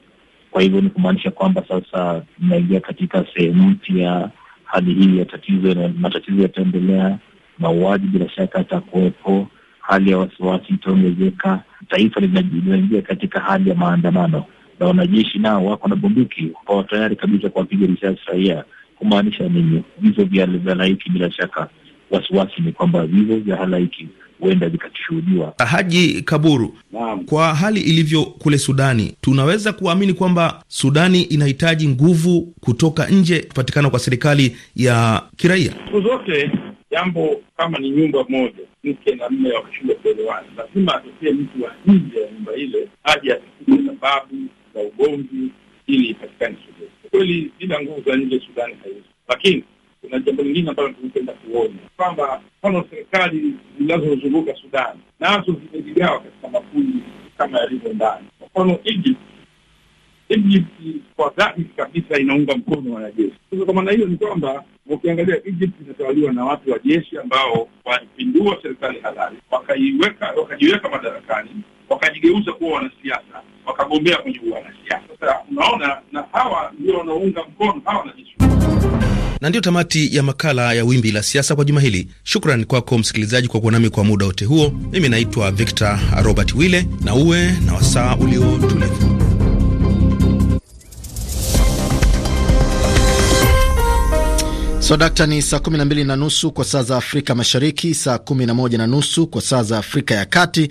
Kwa hivyo ni kumaanisha kwamba sasa tunaingia katika sehemu mpya, hali hii ya tatizo na matatizo yataendelea, mauaji bila shaka yatakuwepo, hali ya wasiwasi itaongezeka, taifa linaingia katika hali ya maandamano na wanajeshi nao wako na bunduki, wakawa tayari kabisa kuwapiga risasi raia. Kumaanisha nini? Vifo vya halaiki, bila shaka wasiwasi ni kwamba vifo vya halaiki huenda vikashuhudiwa. Haji Kaburu, naam. Kwa hali ilivyo kule Sudani, tunaweza kuamini kwamba Sudani inahitaji nguvu kutoka nje kupatikana kwa serikali ya kiraia. Siku zote jambo kama ni nyumba moja, mke na mme wakashindwa kuelewana, lazima atokee mtu wa nje ya nyumba ile aje afikie sababu za ugomvi ili ipatikane suluhu. kweli, bila nguvu za nje Sudani haiwezi, lakini kuna jambo lingine ambalo tunapenda kuona kwamba mfano serikali zinazozunguka Sudani nazo zimejigawa katika makundi kama yalivyo ndani. Kwa mfano Egypt Egypt kwa dhati kabisa inaunga mkono wanajeshi. Sasa kwa maana hiyo ni kwamba ukiangalia Egypt inatawaliwa na watu wa jeshi ambao walipindua serikali halali, wakaiweka wakajiweka madarakani, wakajigeuza kuwa wanasiasa, wakagombea kwenye uwanasiasa. Sasa unaona, na hawa ndio wanaunga mkono hawa wanajeshi na ndiyo tamati ya makala ya Wimbi la Siasa kwa juma hili. Shukrani kwako msikilizaji kwa kuwa nami kwa muda wote huo. Mimi naitwa Victor Robert Wille, na uwe na wasaa uliotulivu. Swadakta ni saa 12 na nusu kwa saa za Afrika Mashariki, saa 11 na nusu kwa saa za Afrika ya Kati.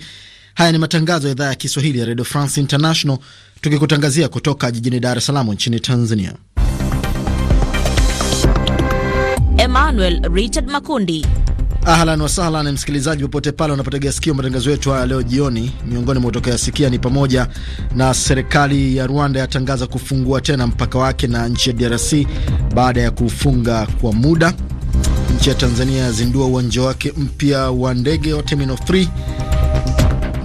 Haya ni matangazo ya idhaa ya Kiswahili ya Radio France International, tukikutangazia kutoka jijini Dar es Salaam nchini Tanzania. Emmanuel Richard Makundi. Ahlan wasahlan, msikilizaji popote pale unapotega sikio matangazo yetu haya leo jioni. Miongoni mwa sikia ni pamoja na serikali ya Rwanda yatangaza kufungua tena mpaka wake na nchi ya DRC baada ya kufunga kwa muda. Nchi ya Tanzania yazindua uwanja wake mpya wa ndege wa Terminal 3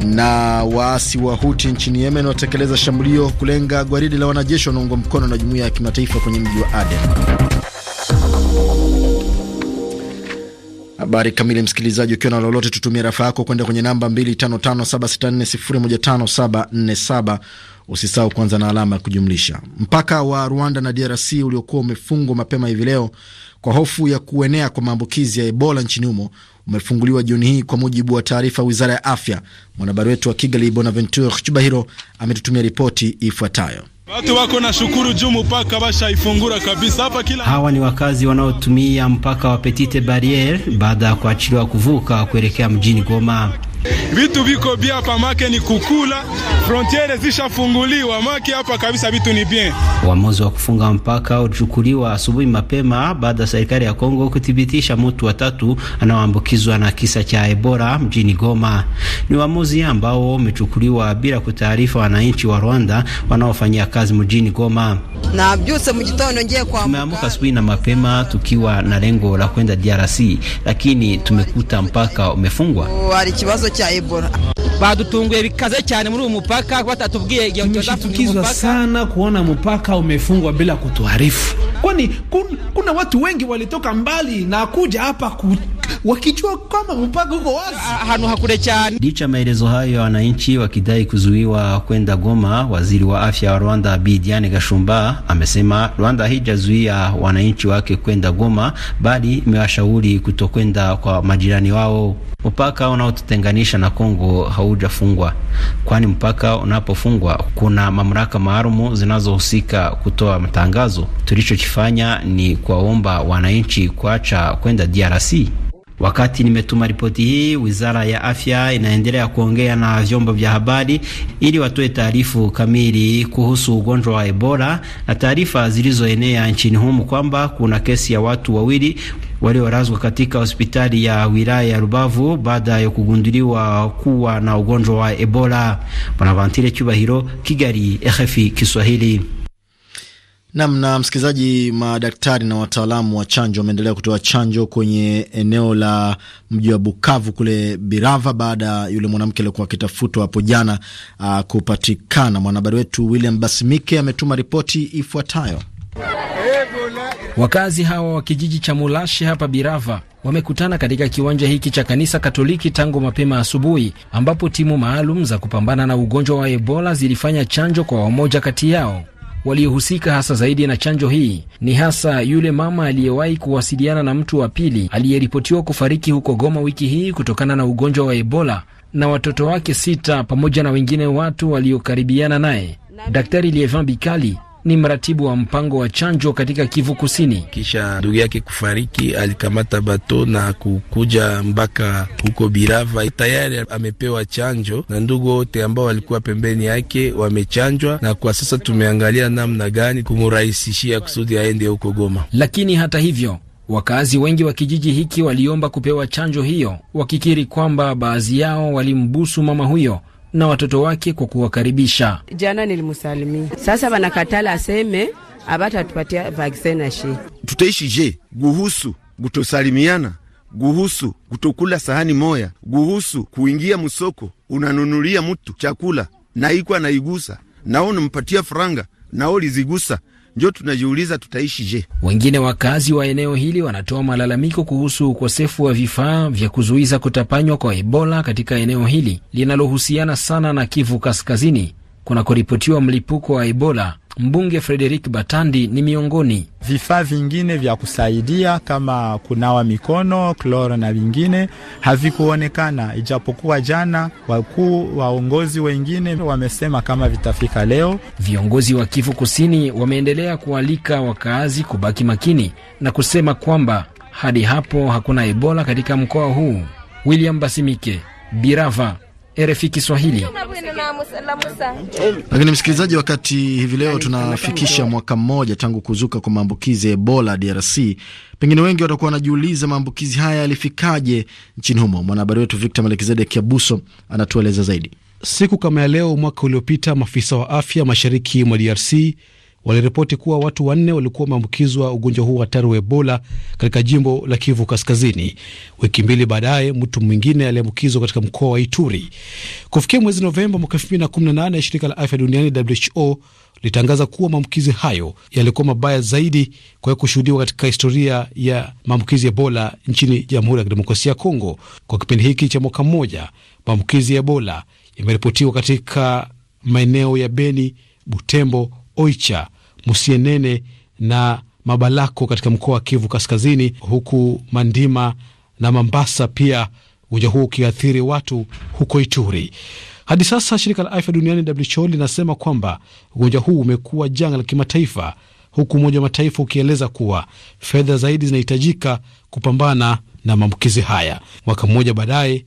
na waasi wa Huti nchini Yemen watekeleza shambulio kulenga gwaridi la wanajeshi wanaungwa mkono na jumuiya ya kimataifa kwenye mji wa Aden. Habari kamili, msikilizaji, ukiwa na lolote, tutumie rafa yako kwenda kwenye namba 255764015747. Usisahau kwanza na alama ya kujumlisha. Mpaka wa Rwanda na DRC uliokuwa umefungwa mapema hivi leo kwa hofu ya kuenea kwa maambukizi ya Ebola nchini humo umefunguliwa jioni hii kwa mujibu wa taarifa ya wizara ya afya. Mwanahabari wetu wa Kigali, Bonaventure Chubahiro, ametutumia ripoti ifuatayo. Watu wako na shukuru juu mpaka bashaifungura kabisa hapa kila. Hawa ni wakazi wanaotumia mpaka wa Petite Barriere baada ya kuachiliwa kuvuka kuelekea mjini Goma vitu viko bia hapa make ni kukula, frontiere zishafunguliwa make hapa kabisa vitu ni bien. Uamuzi wa kufunga mpaka ulichukuliwa asubuhi mapema baada ya serikali ya Kongo kuthibitisha mtu watatu anaoambukizwa na kisa cha Ebola mjini Goma. Ni uamuzi ambao umechukuliwa bila kutaarifa wananchi wa Rwanda wanaofanyia kazi mjini Goma. Na byuse mjitondo ngiye kwa tumeamuka asubuhi na mapema tukiwa na lengo la kwenda DRC, lakini tumekuta mpaka umefungwa cha Ebola. Badutunguye bikaze cyane muri uyu mupaka, batatubwiye igihe tumeshtukizwa sana kuona mpaka umefungwa bila kutuarifu, kwani kun, kuna watu wengi walitoka mbali na kuja hapa ku, wakijua kwamba mpaka wazi hanu hakure cyane. Licha ya maelezo hayo, wananchi wakidai kuzuiwa kwenda Goma, waziri wa afya wa Rwanda Bidiane Gashumba amesema Rwanda haijazuia wananchi wake kwenda Goma, bali imewashauri kutokwenda kwa majirani wao mpaka unaotutenganisha na Kongo haujafungwa, kwani mpaka unapofungwa kuna mamlaka maalumu zinazohusika kutoa matangazo. Tulichokifanya ni kuwaomba wananchi kuacha kwenda DRC. Wakati nimetuma ripoti hii, wizara ya afya inaendelea kuongea na vyombo vya habari ili watoe taarifu kamili kuhusu ugonjwa wa Ebola na taarifa zilizoenea nchini humu kwamba kuna kesi ya watu wawili waliolazwa katika hospitali ya wilaya ya Rubavu baada ya kugunduliwa kuwa na ugonjwa wa Ebola. Bonaventure Chubahiro, Kigali, RFI Kiswahili. Namna msikilizaji, madaktari na wataalamu wa chanjo wameendelea kutoa chanjo kwenye eneo la mji wa Bukavu kule Birava, baada ya yule mwanamke aliyokuwa akitafutwa hapo jana ah, kupatikana. Mwanahabari wetu William Basimike ametuma ripoti ifuatayo. Wakazi hawa wa kijiji cha Mulashi hapa Birava wamekutana katika kiwanja hiki cha kanisa Katoliki tangu mapema asubuhi, ambapo timu maalum za kupambana na ugonjwa wa Ebola zilifanya chanjo kwa wamoja kati yao. Waliohusika hasa zaidi na chanjo hii ni hasa yule mama aliyewahi kuwasiliana na mtu wa pili aliyeripotiwa kufariki huko Goma wiki hii kutokana na ugonjwa wa Ebola na watoto wake sita pamoja na wengine watu waliokaribiana naye. Daktari Lievan Bikali ni mratibu wa mpango wa chanjo katika Kivu Kusini. Kisha ndugu yake kufariki, alikamata bato na kukuja mpaka huko Birava. Tayari amepewa chanjo na ndugu wote ambao walikuwa pembeni yake wamechanjwa, na kwa sasa tumeangalia namna gani kumrahisishia kusudi aende huko Goma. Lakini hata hivyo Wakazi wengi wa kijiji hiki waliomba kupewa chanjo hiyo, wakikiri kwamba baadhi yao walimbusu mama huyo na watoto wake kwa kuwakaribisha. Jana nilimsalimia, sasa wanakatala aseme abatatupatia vaksena shi tutaishi je guhusu gutosalimiana guhusu kutokula sahani moya guhusu kuingia musoko unanunulia mutu chakula naikwa naigusa nawo nampatia furanga nawo lizigusa ndio tunajiuliza tutaishi je? Wengine wakazi wa eneo hili wanatoa malalamiko kuhusu ukosefu wa vifaa vya kuzuiza kutapanywa kwa Ebola katika eneo hili linalohusiana sana na Kivu Kaskazini kunakoripotiwa mlipuko wa Ebola Mbunge frederik Batandi ni miongoni. Vifaa vingine vya kusaidia kama kunawa mikono, kloro na vingine havikuonekana, ijapokuwa jana wakuu waongozi wengine wamesema kama vitafika leo. Viongozi wa Kivu Kusini wameendelea kualika wakaazi kubaki makini na kusema kwamba hadi hapo hakuna Ebola katika mkoa huu. William Basimike, Birava, RFI Kiswahili. Lakini msikilizaji, wakati hivi leo tunafikisha mwaka mmoja tangu kuzuka kwa maambukizi ya Ebola DRC, pengine wengi watakuwa wanajiuliza maambukizi haya yalifikaje nchini humo. Mwanahabari wetu Victor Melkizedek Kiabuso anatueleza zaidi. Siku kama ya leo mwaka uliopita, maafisa wa afya mashariki mwa DRC waliripoti kuwa watu wanne walikuwa wameambukizwa ugonjwa huu hatari wa Ebola katika jimbo la Kivu Kaskazini. Wiki mbili baadaye, mtu mwingine aliambukizwa katika mkoa wa Ituri. Kufikia mwezi Novemba mwaka 2018 shirika la afya duniani WHO litangaza kuwa maambukizi hayo yalikuwa mabaya zaidi kwa kushuhudiwa katika historia ya maambukizi ya Ebola nchini Jamhuri ya Kidemokrasia ya Kongo. Kwa kipindi hiki cha mwaka mmoja, maambukizi ya Ebola yameripotiwa katika maeneo ya Beni, Butembo, Oicha, Musienene na Mabalako katika mkoa wa Kivu Kaskazini, huku Mandima na Mambasa pia ugonjwa huo ukiathiri watu huko Ituri. Hadi sasa shirika la afya duniani WHO linasema kwamba ugonjwa huu umekuwa janga la kimataifa, huku Umoja wa Mataifa ukieleza kuwa fedha zaidi zinahitajika kupambana na maambukizi haya. Mwaka mmoja baadaye,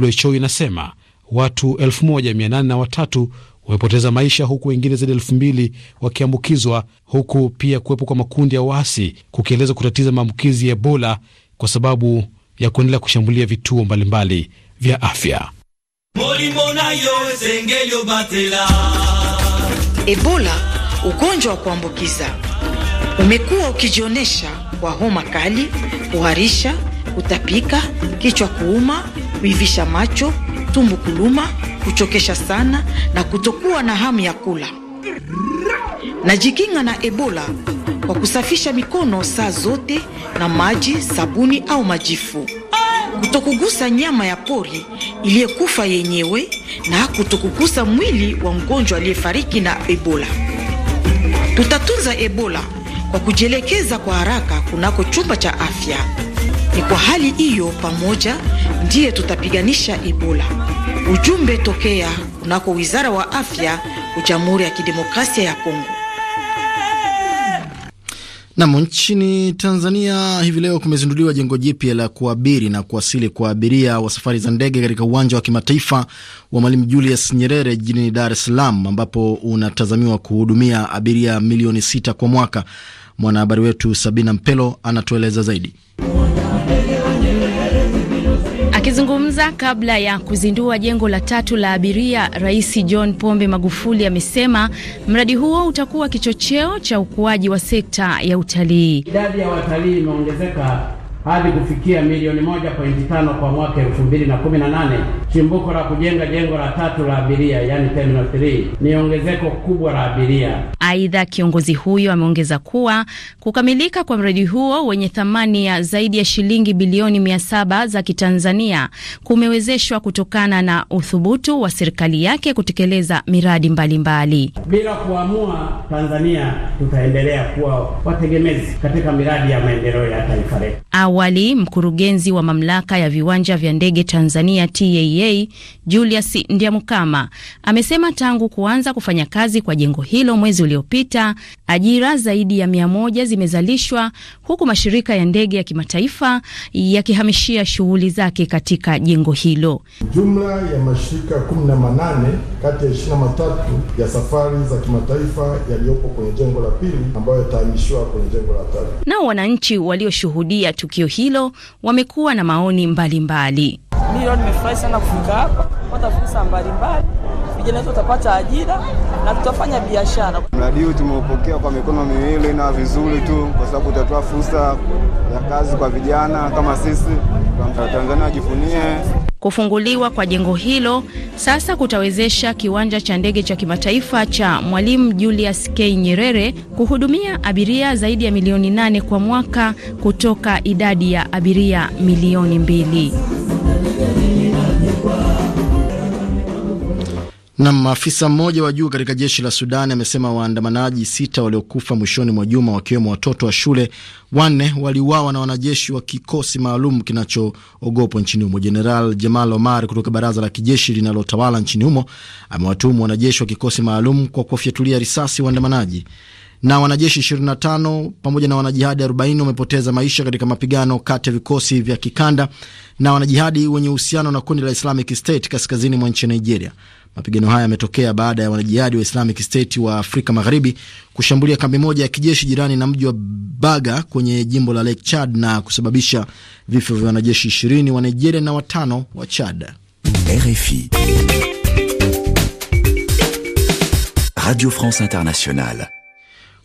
WHO inasema watu 1803 wamepoteza maisha huku wengine zaidi ya elfu mbili wakiambukizwa, huku pia kuwepo kwa makundi ya waasi kukieleza kutatiza maambukizi ya Ebola kwa sababu ya kuendelea kushambulia vituo mbalimbali vya afya. Ebola ugonjwa wa kuambukiza umekuwa ukijionyesha kwa homa kali, kuharisha, kutapika, kichwa kuuma, kuivisha macho tumbo kuluma, kuchokesha sana na kutokuwa na hamu ya kula. Najikinga na Ebola kwa kusafisha mikono saa zote na maji, sabuni au majifu, kutokugusa nyama ya pori iliyekufa yenyewe na kutokugusa mwili wa mgonjwa aliyefariki na Ebola. Tutatunza Ebola kwa kujielekeza kwa haraka kunako chumba cha afya. Ni kwa hali hiyo pamoja ndiye tutapiganisha Ebola. Ujumbe tokea kunako Wizara wa Afya Jamhuri ya Kidemokrasia ya Kongo. Nam, nchini Tanzania hivi leo kumezinduliwa jengo jipya la kuabiri na kuwasili kwa abiria wa safari za ndege katika uwanja wa kimataifa wa Mwalimu Julius Nyerere jijini Dar es Salaam, ambapo unatazamiwa kuhudumia abiria milioni sita kwa mwaka. Mwanahabari wetu Sabina Mpelo anatueleza zaidi. Akizungumza kabla ya kuzindua jengo la tatu la abiria, Rais John Pombe Magufuli amesema mradi huo utakuwa kichocheo cha ukuaji wa sekta ya utalii. Idadi ya watalii imeongezeka hadi kufikia milioni moja pointi tano kwa mwaka nane. Chimbuko la kujenga jengo la tatu la abiria yani terminal 3 ni ongezeko kubwa la abiria. Aidha, kiongozi huyo ameongeza kuwa kukamilika kwa mradi huo wenye thamani ya zaidi ya shilingi bilioni saba za Kitanzania kumewezeshwa kutokana na uthubutu wa serikali yake kutekeleza miradi mbalimbali mbali. Bila kuamua Tanzania tutaendelea kuwa wategemezi katika miradi ya maendeleo ya taifa letu awali mkurugenzi wa mamlaka ya viwanja vya ndege Tanzania TAA Julius Ndiamukama amesema tangu kuanza kufanya kazi kwa jengo hilo mwezi uliopita ajira zaidi ya mia moja zimezalishwa huku mashirika ya ndege ya kimataifa yakihamishia shughuli zake katika jengo hilo. Jumla ya mashirika kumi na manane kati ya na matatu ya safari za kimataifa yaliyopo kwenye jengo la pili ambayo yatahamishiwa kwenye jengo la tatu. Nao wananchi walioshuhudia tukio tukio hilo wamekuwa na maoni mbalimbali. Mimi leo nimefurahi sana kufika hapa kupata fursa mbalimbali, vijana wetu watapata ajira na tutafanya biashara. Mradi huu tumeupokea kwa mikono miwili na vizuri tu, kwa sababu utatoa fursa ya kazi kwa vijana kama sisi. Watanzania wajivunie Kufunguliwa kwa jengo hilo sasa kutawezesha kiwanja cha ndege cha kimataifa cha Mwalimu Julius K Nyerere kuhudumia abiria zaidi ya milioni nane kwa mwaka kutoka idadi ya abiria milioni mbili. Na maafisa mmoja wa juu katika jeshi la Sudani amesema waandamanaji sita waliokufa mwishoni mwa juma wakiwemo watoto wa shule wanne waliuawa na wanajeshi wa kikosi maalum kinachoogopwa nchini humo. Jeneral Jamal Omar kutoka baraza la kijeshi linalotawala nchini humo amewatuhumu wanajeshi wa kikosi maalum kwa kuwafyatulia risasi waandamanaji na wanajeshi 25 pamoja na wanajihadi 40 wamepoteza maisha katika mapigano kati ya vikosi vya kikanda na wanajihadi wenye uhusiano na kundi la Islamic State kaskazini mwa nchi ya Nigeria. Mapigano haya yametokea baada ya wanajihadi wa Islamic State wa Afrika Magharibi kushambulia kambi moja ya kijeshi jirani na mji wa Baga kwenye jimbo la Lake Chad na kusababisha vifo vya wanajeshi ishirini wa Nigeria na watano wa Chad. RFI Radio France Internationale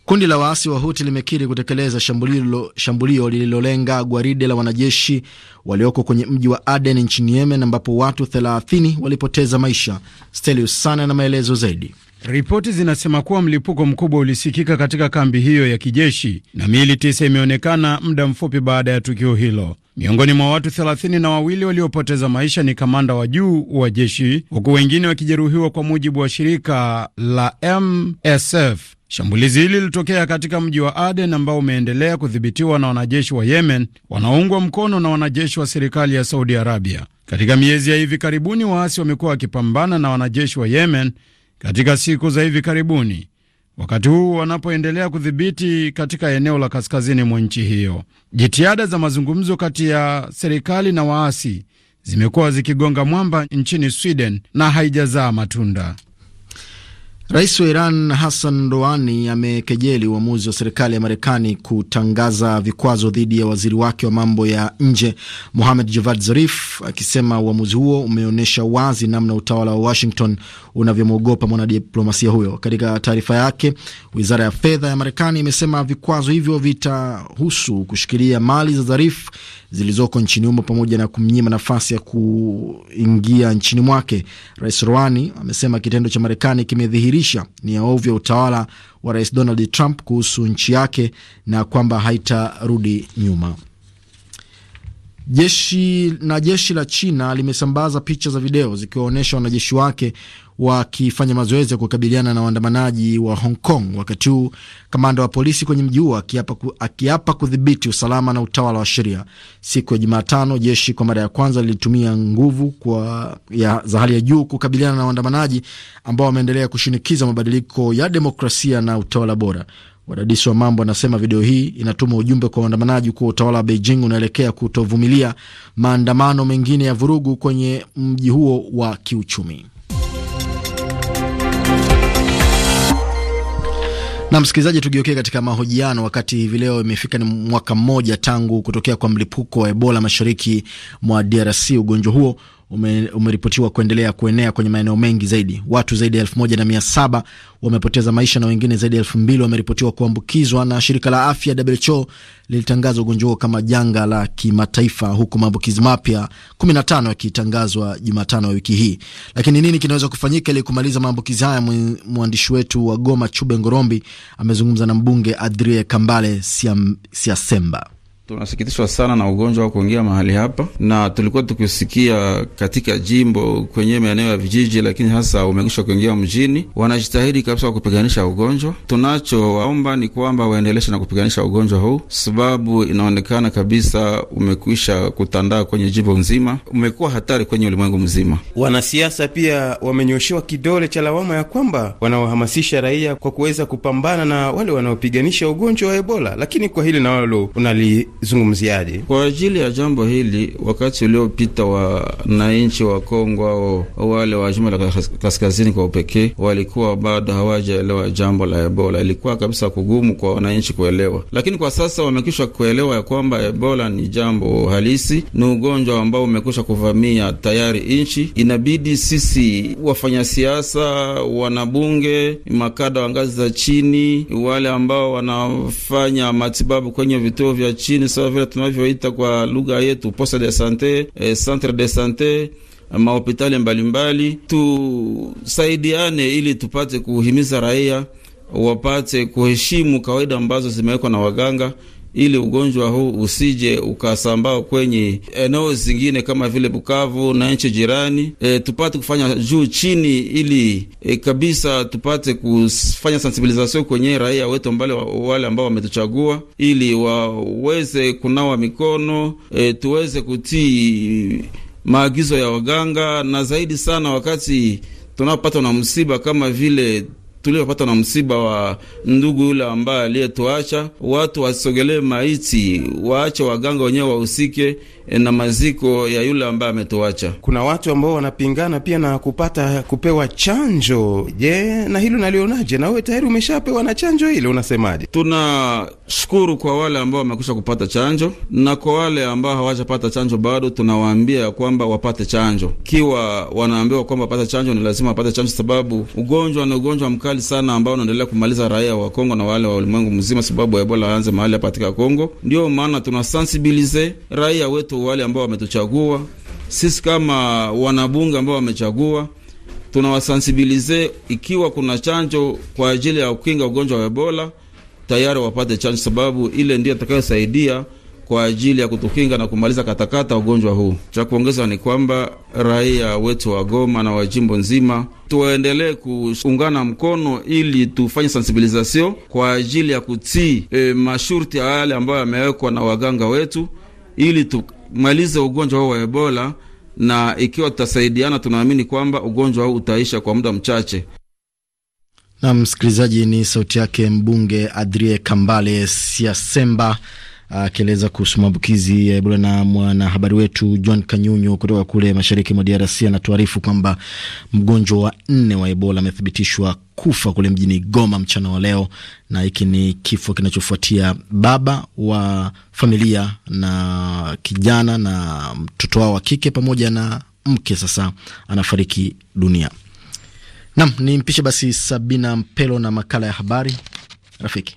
Kundi la waasi wa Huti limekiri kutekeleza shambulio, shambulio lililolenga gwaride la wanajeshi walioko kwenye mji wa Aden nchini Yemen, ambapo watu 30 walipoteza maisha. Stelius Sana na maelezo zaidi. Ripoti zinasema kuwa mlipuko mkubwa ulisikika katika kambi hiyo ya kijeshi na miili tisa imeonekana muda mfupi baada ya tukio hilo. Miongoni mwa watu thelathini na wawili waliopoteza maisha ni kamanda wa juu wa jeshi, huku wengine wakijeruhiwa, kwa mujibu wa shirika la MSF Shambulizi hili lilitokea katika mji wa Aden ambao umeendelea kudhibitiwa na wanajeshi wa Yemen wanaoungwa mkono na wanajeshi wa serikali ya Saudi Arabia. Katika miezi ya hivi karibuni, waasi wamekuwa wakipambana na wanajeshi wa Yemen katika siku za hivi karibuni, wakati huu wanapoendelea kudhibiti katika eneo la kaskazini mwa nchi hiyo. Jitihada za mazungumzo kati ya serikali na waasi zimekuwa zikigonga mwamba nchini Sweden na haijazaa matunda. Rais wa Iran Hassan Rouhani amekejeli uamuzi wa serikali ya Marekani kutangaza vikwazo dhidi ya waziri wake wa mambo ya nje Mohamed Javad Zarif, akisema uamuzi huo umeonyesha wazi namna utawala wa Washington unavyomwogopa mwanadiplomasia huyo. Katika taarifa yake, wizara ya fedha ya Marekani imesema vikwazo hivyo vitahusu kushikilia mali za Zarif zilizoko nchini humo pamoja na kumnyima nafasi ya kuingia nchini mwake. Rais Rouhani amesema kitendo cha Marekani kimedhihirisha nia ovu ya utawala wa Rais Donald Trump kuhusu nchi yake na kwamba haitarudi nyuma. Jeshi na jeshi la China limesambaza picha za video zikiwaonyesha wanajeshi wake wakifanya mazoezi ya kukabiliana na waandamanaji wa Hong Kong, wakati huu kamanda wa polisi kwenye mji huo akiapa kudhibiti usalama na utawala wa sheria. Siku ya Jumatano, jeshi kwa mara ya kwanza lilitumia nguvu kwa ya za hali ya juu kukabiliana na waandamanaji ambao wameendelea kushinikiza mabadiliko ya demokrasia na utawala bora. Wadadisi wa mambo wanasema video hii inatuma ujumbe kwa waandamanaji kuwa utawala wa Beijing unaelekea kutovumilia maandamano mengine ya vurugu kwenye mji huo wa kiuchumi. Na msikilizaji, tugeukie katika mahojiano. Wakati hivi leo imefika ni mwaka mmoja tangu kutokea kwa mlipuko wa Ebola mashariki mwa DRC. Ugonjwa huo ume, umeripotiwa kuendelea kuenea kwenye maeneo mengi zaidi. Watu zaidi ya elfu moja na mia saba wamepoteza maisha na wengine zaidi ya elfu mbili wameripotiwa kuambukizwa, na shirika la afya WHO lilitangaza ugonjwa huo kama janga la kimataifa, huku maambukizi mapya 15 yakitangazwa Jumatano ya wiki hii. Lakini nini kinaweza kufanyika ili kumaliza maambukizi haya? Mwandishi wetu wa Goma Chube Ngorombi amezungumza na mbunge Adrie Kambale Siasemba. Tunasikitishwa sana na ugonjwa wa kuingia mahali hapa, na tulikuwa tukisikia katika jimbo kwenye maeneo ya vijiji, lakini hasa umekwisha kuingia mjini. Wanajitahidi kabisa wa kupiganisha ugonjwa. Tunachowaomba ni kwamba waendeleshe na kupiganisha ugonjwa huu, sababu inaonekana kabisa umekwisha kutandaa kwenye jimbo nzima, umekuwa hatari kwenye ulimwengu mzima. Wanasiasa pia wamenyoshewa kidole cha lawama ya kwamba wanaohamasisha raia kwa kuweza kupambana na wale wanaopiganisha ugonjwa wa Ebola, lakini kwa hili nalo unali zungumziaje kwa ajili ya jambo hili? Wakati uliopita wananchi wa Kongo au wale wa jimbo la kaskazini kwa upekee walikuwa bado hawajaelewa jambo la Ebola. Ilikuwa kabisa kugumu kwa wananchi kuelewa, lakini kwa sasa wamekwisha kuelewa ya kwamba Ebola ni jambo halisi, ni ugonjwa ambao umekwisha kuvamia tayari nchi. Inabidi sisi wafanyasiasa, wanabunge, makada wa ngazi za chini, wale ambao wanafanya matibabu kwenye vituo vya chini sawa vile tunavyoita kwa lugha yetu poste de sante, eh, centre de sante eh, mahopitali mbalimbali, tusaidiane ili tupate kuhimiza raia wapate kuheshimu kawaida ambazo zimewekwa na waganga ili ugonjwa huu usije ukasambaa kwenye eneo zingine kama vile Bukavu na nchi jirani. E, tupate kufanya juu chini ili e, kabisa tupate kufanya sensibilisation kwenye raia wetu wa, wale ambao wametuchagua ili waweze kunawa mikono e, tuweze kutii maagizo ya waganga na zaidi sana wakati tunapatwa na msiba kama vile tuliopata na msiba wa ndugu yule ambaye aliyetuacha. Watu wasogelee maiti, waache waganga wenyewe wahusike. E, na maziko ya yule ambaye ametuacha. Kuna watu ambao wanapingana pia na kupata kupewa chanjo. Je, na hilo nalionaje? Na wewe tayari umeshapewa na chanjo ile, unasemaje? Tunashukuru kwa wale ambao wamekusha kupata chanjo, na kwa wale ambao hawajapata chanjo bado tunawaambia kwamba wapate chanjo. Kiwa wanaambiwa kwamba wapate chanjo, ni lazima wapate chanjo, sababu ugonjwa ni ugonjwa mkali sana ambao unaendelea kumaliza raia wa Kongo na wale wa ulimwengu mzima, sababu Ebola aanze mahali hapa katika Kongo. Ndio maana tunasensibilize raia wetu wale ambao wametuchagua sisi kama wanabunge ambao wamechagua, tunawasensibilize ikiwa kuna chanjo kwa ajili ya kukinga ugonjwa wa Ebola, tayari wapate chanjo, sababu ile ndiyo itakayosaidia kwa ajili ya kutukinga na kumaliza katakata ugonjwa huu. Cha kuongeza ni kwamba raia wetu wa Goma na wa jimbo nzima tuendelee kuungana mkono ili tufanye sensibilisation kwa ajili ya kutii e, mashurti yale ambayo yamewekwa na waganga wetu ili tu tumalize ugonjwa huu wa Ebola, na ikiwa tutasaidiana, tunaamini kwamba ugonjwa huu utaisha kwa muda mchache. Na msikilizaji, ni sauti yake mbunge Adrie Kambale Siasemba akieleza kuhusu maambukizi ya Ebola. Na mwanahabari wetu John Kanyunyo kutoka kule mashariki mwa DRC anatuarifu kwamba mgonjwa wa nne wa Ebola amethibitishwa kufa kule mjini Goma mchana wa leo, na hiki ni kifo kinachofuatia baba wa familia na kijana na mtoto wao wa kike pamoja na mke, sasa anafariki dunia. Nam ni mpishe basi Sabina Mpelo na makala ya habari rafiki.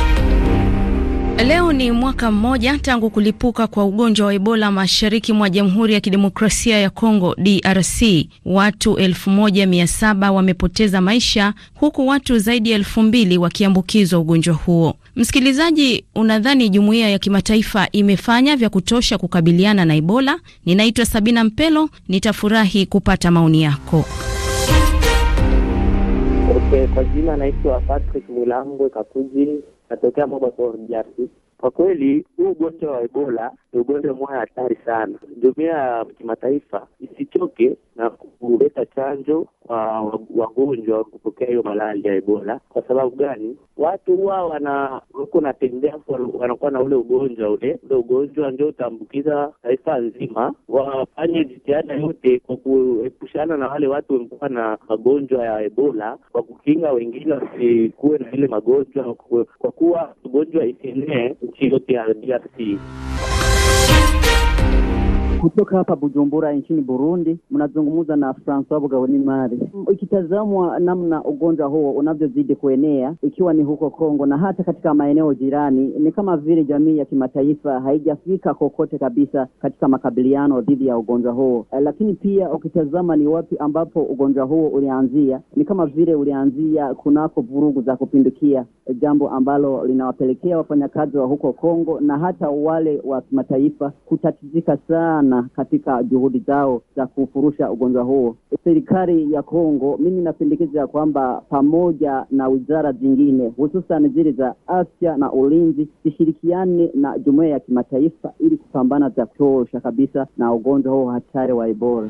Leo ni mwaka mmoja tangu kulipuka kwa ugonjwa wa Ebola mashariki mwa Jamhuri ya Kidemokrasia ya Kongo DRC. Watu 1700 wamepoteza maisha huku watu zaidi ya 2000 wakiambukizwa ugonjwa huo. Msikilizaji, unadhani jumuiya ya kimataifa imefanya vya kutosha kukabiliana na Ebola? Ninaitwa Sabina Mpelo, nitafurahi kupata maoni yako. Okay, kwa jina naitwa Patrick Mulambwe Kakuji natokea mambo kwa kweli huu ugonjwa wa Ebola ni ugonjwa mwaya hatari sana. Jumuiya ya kimataifa isichoke na kuleta chanjo uh, wagonjwa kupokea hiyo malaria ya Ebola. Kwa sababu gani? Watu huwa wana wanatembea, wanakuwa na ule ugonjwa ule ule ugonjwa ndio utaambukiza taifa nzima. Wafanye jitihada yote kwa kuepushana na wale watu wamekuwa na magonjwa ya Ebola, kwa kukinga wengine wasikuwe na ile magonjwa, kwa kuwa ugonjwa isienee nchi yote ya DRC. Kutoka hapa Bujumbura nchini Burundi, mnazungumza na Francois Bugabonimari. Ikitazamwa namna ugonjwa huo unavyozidi kuenea, ikiwa ni huko Kongo na hata katika maeneo jirani, ni kama vile jamii ya kimataifa haijafika kokote kabisa katika makabiliano dhidi ya ugonjwa huo. Lakini pia ukitazama ni wapi ambapo ugonjwa huo ulianzia, ni kama vile ulianzia kunako vurugu za kupindukia, jambo ambalo linawapelekea wafanyakazi wa huko Kongo na hata wale wa kimataifa kutatizika sana sana katika juhudi zao za kufurusha ugonjwa huo. Serikali ya Kongo, mimi napendekeza kwamba pamoja na wizara zingine, hususan zile za afya na ulinzi, zishirikiane na jumuiya ya kimataifa ili kupambana za kutosha kabisa na ugonjwa huo hatari wa Ebola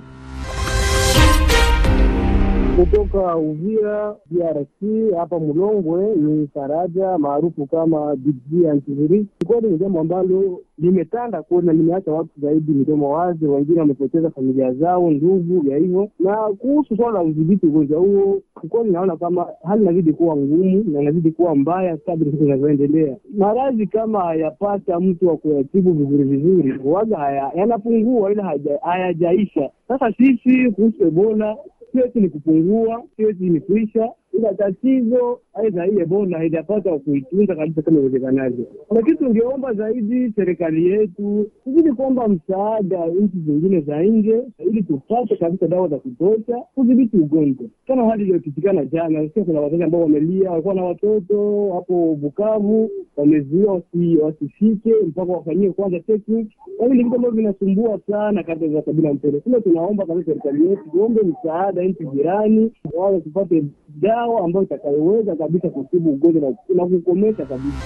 kutoka Uvira DRC hapa Mulongwe ni Faraja maarufu kama DJ Antivirus. Kweli ni jambo ambalo limetanda kuona na limeacha watu zaidi midomo wazi, wengine wamepoteza familia zao, ndugu ya hivyo. Na kuhusu swala la udhibiti ugonjwa huo, kweli naona kama hali inazidi kuwa ngumu na inazidi kuwa mbaya kadri siku zinavyoendelea. Maradhi kama hayapata mtu wa kuyatibu vizuri vizuri, waga yanapungua, ila hayajaisha. Sasa sisi kuhusu Ebola sio eti ni kupungua, sio eti ni kuisha, ila tatizo aidha ile bona haijapata kuitunza kabisa kama iwezekanavyo. Na kitu ngeomba zaidi serikali yetu kuzidi kuomba msaada nchi zingine za nje, ili tupate kabisa dawa za kutosha kudhibiti ugonjwa kama hali iliyopitikana jana. Sio, kuna wazazi ambao wamelia, walikuwa na watoto hapo Bukavu, wamezuiwa wasifike mpaka wafanyie kwanza testing. Hivi ni vitu ambavyo vinasumbua sana kabisa za kabila mpele. Kuna tunaomba kabisa serikali yetu tuombe msaada nchi jirani, wale tupate dawa dawa ambayo itakayoweza kabisa kutibu ugonjwa na kukomesha kabisa.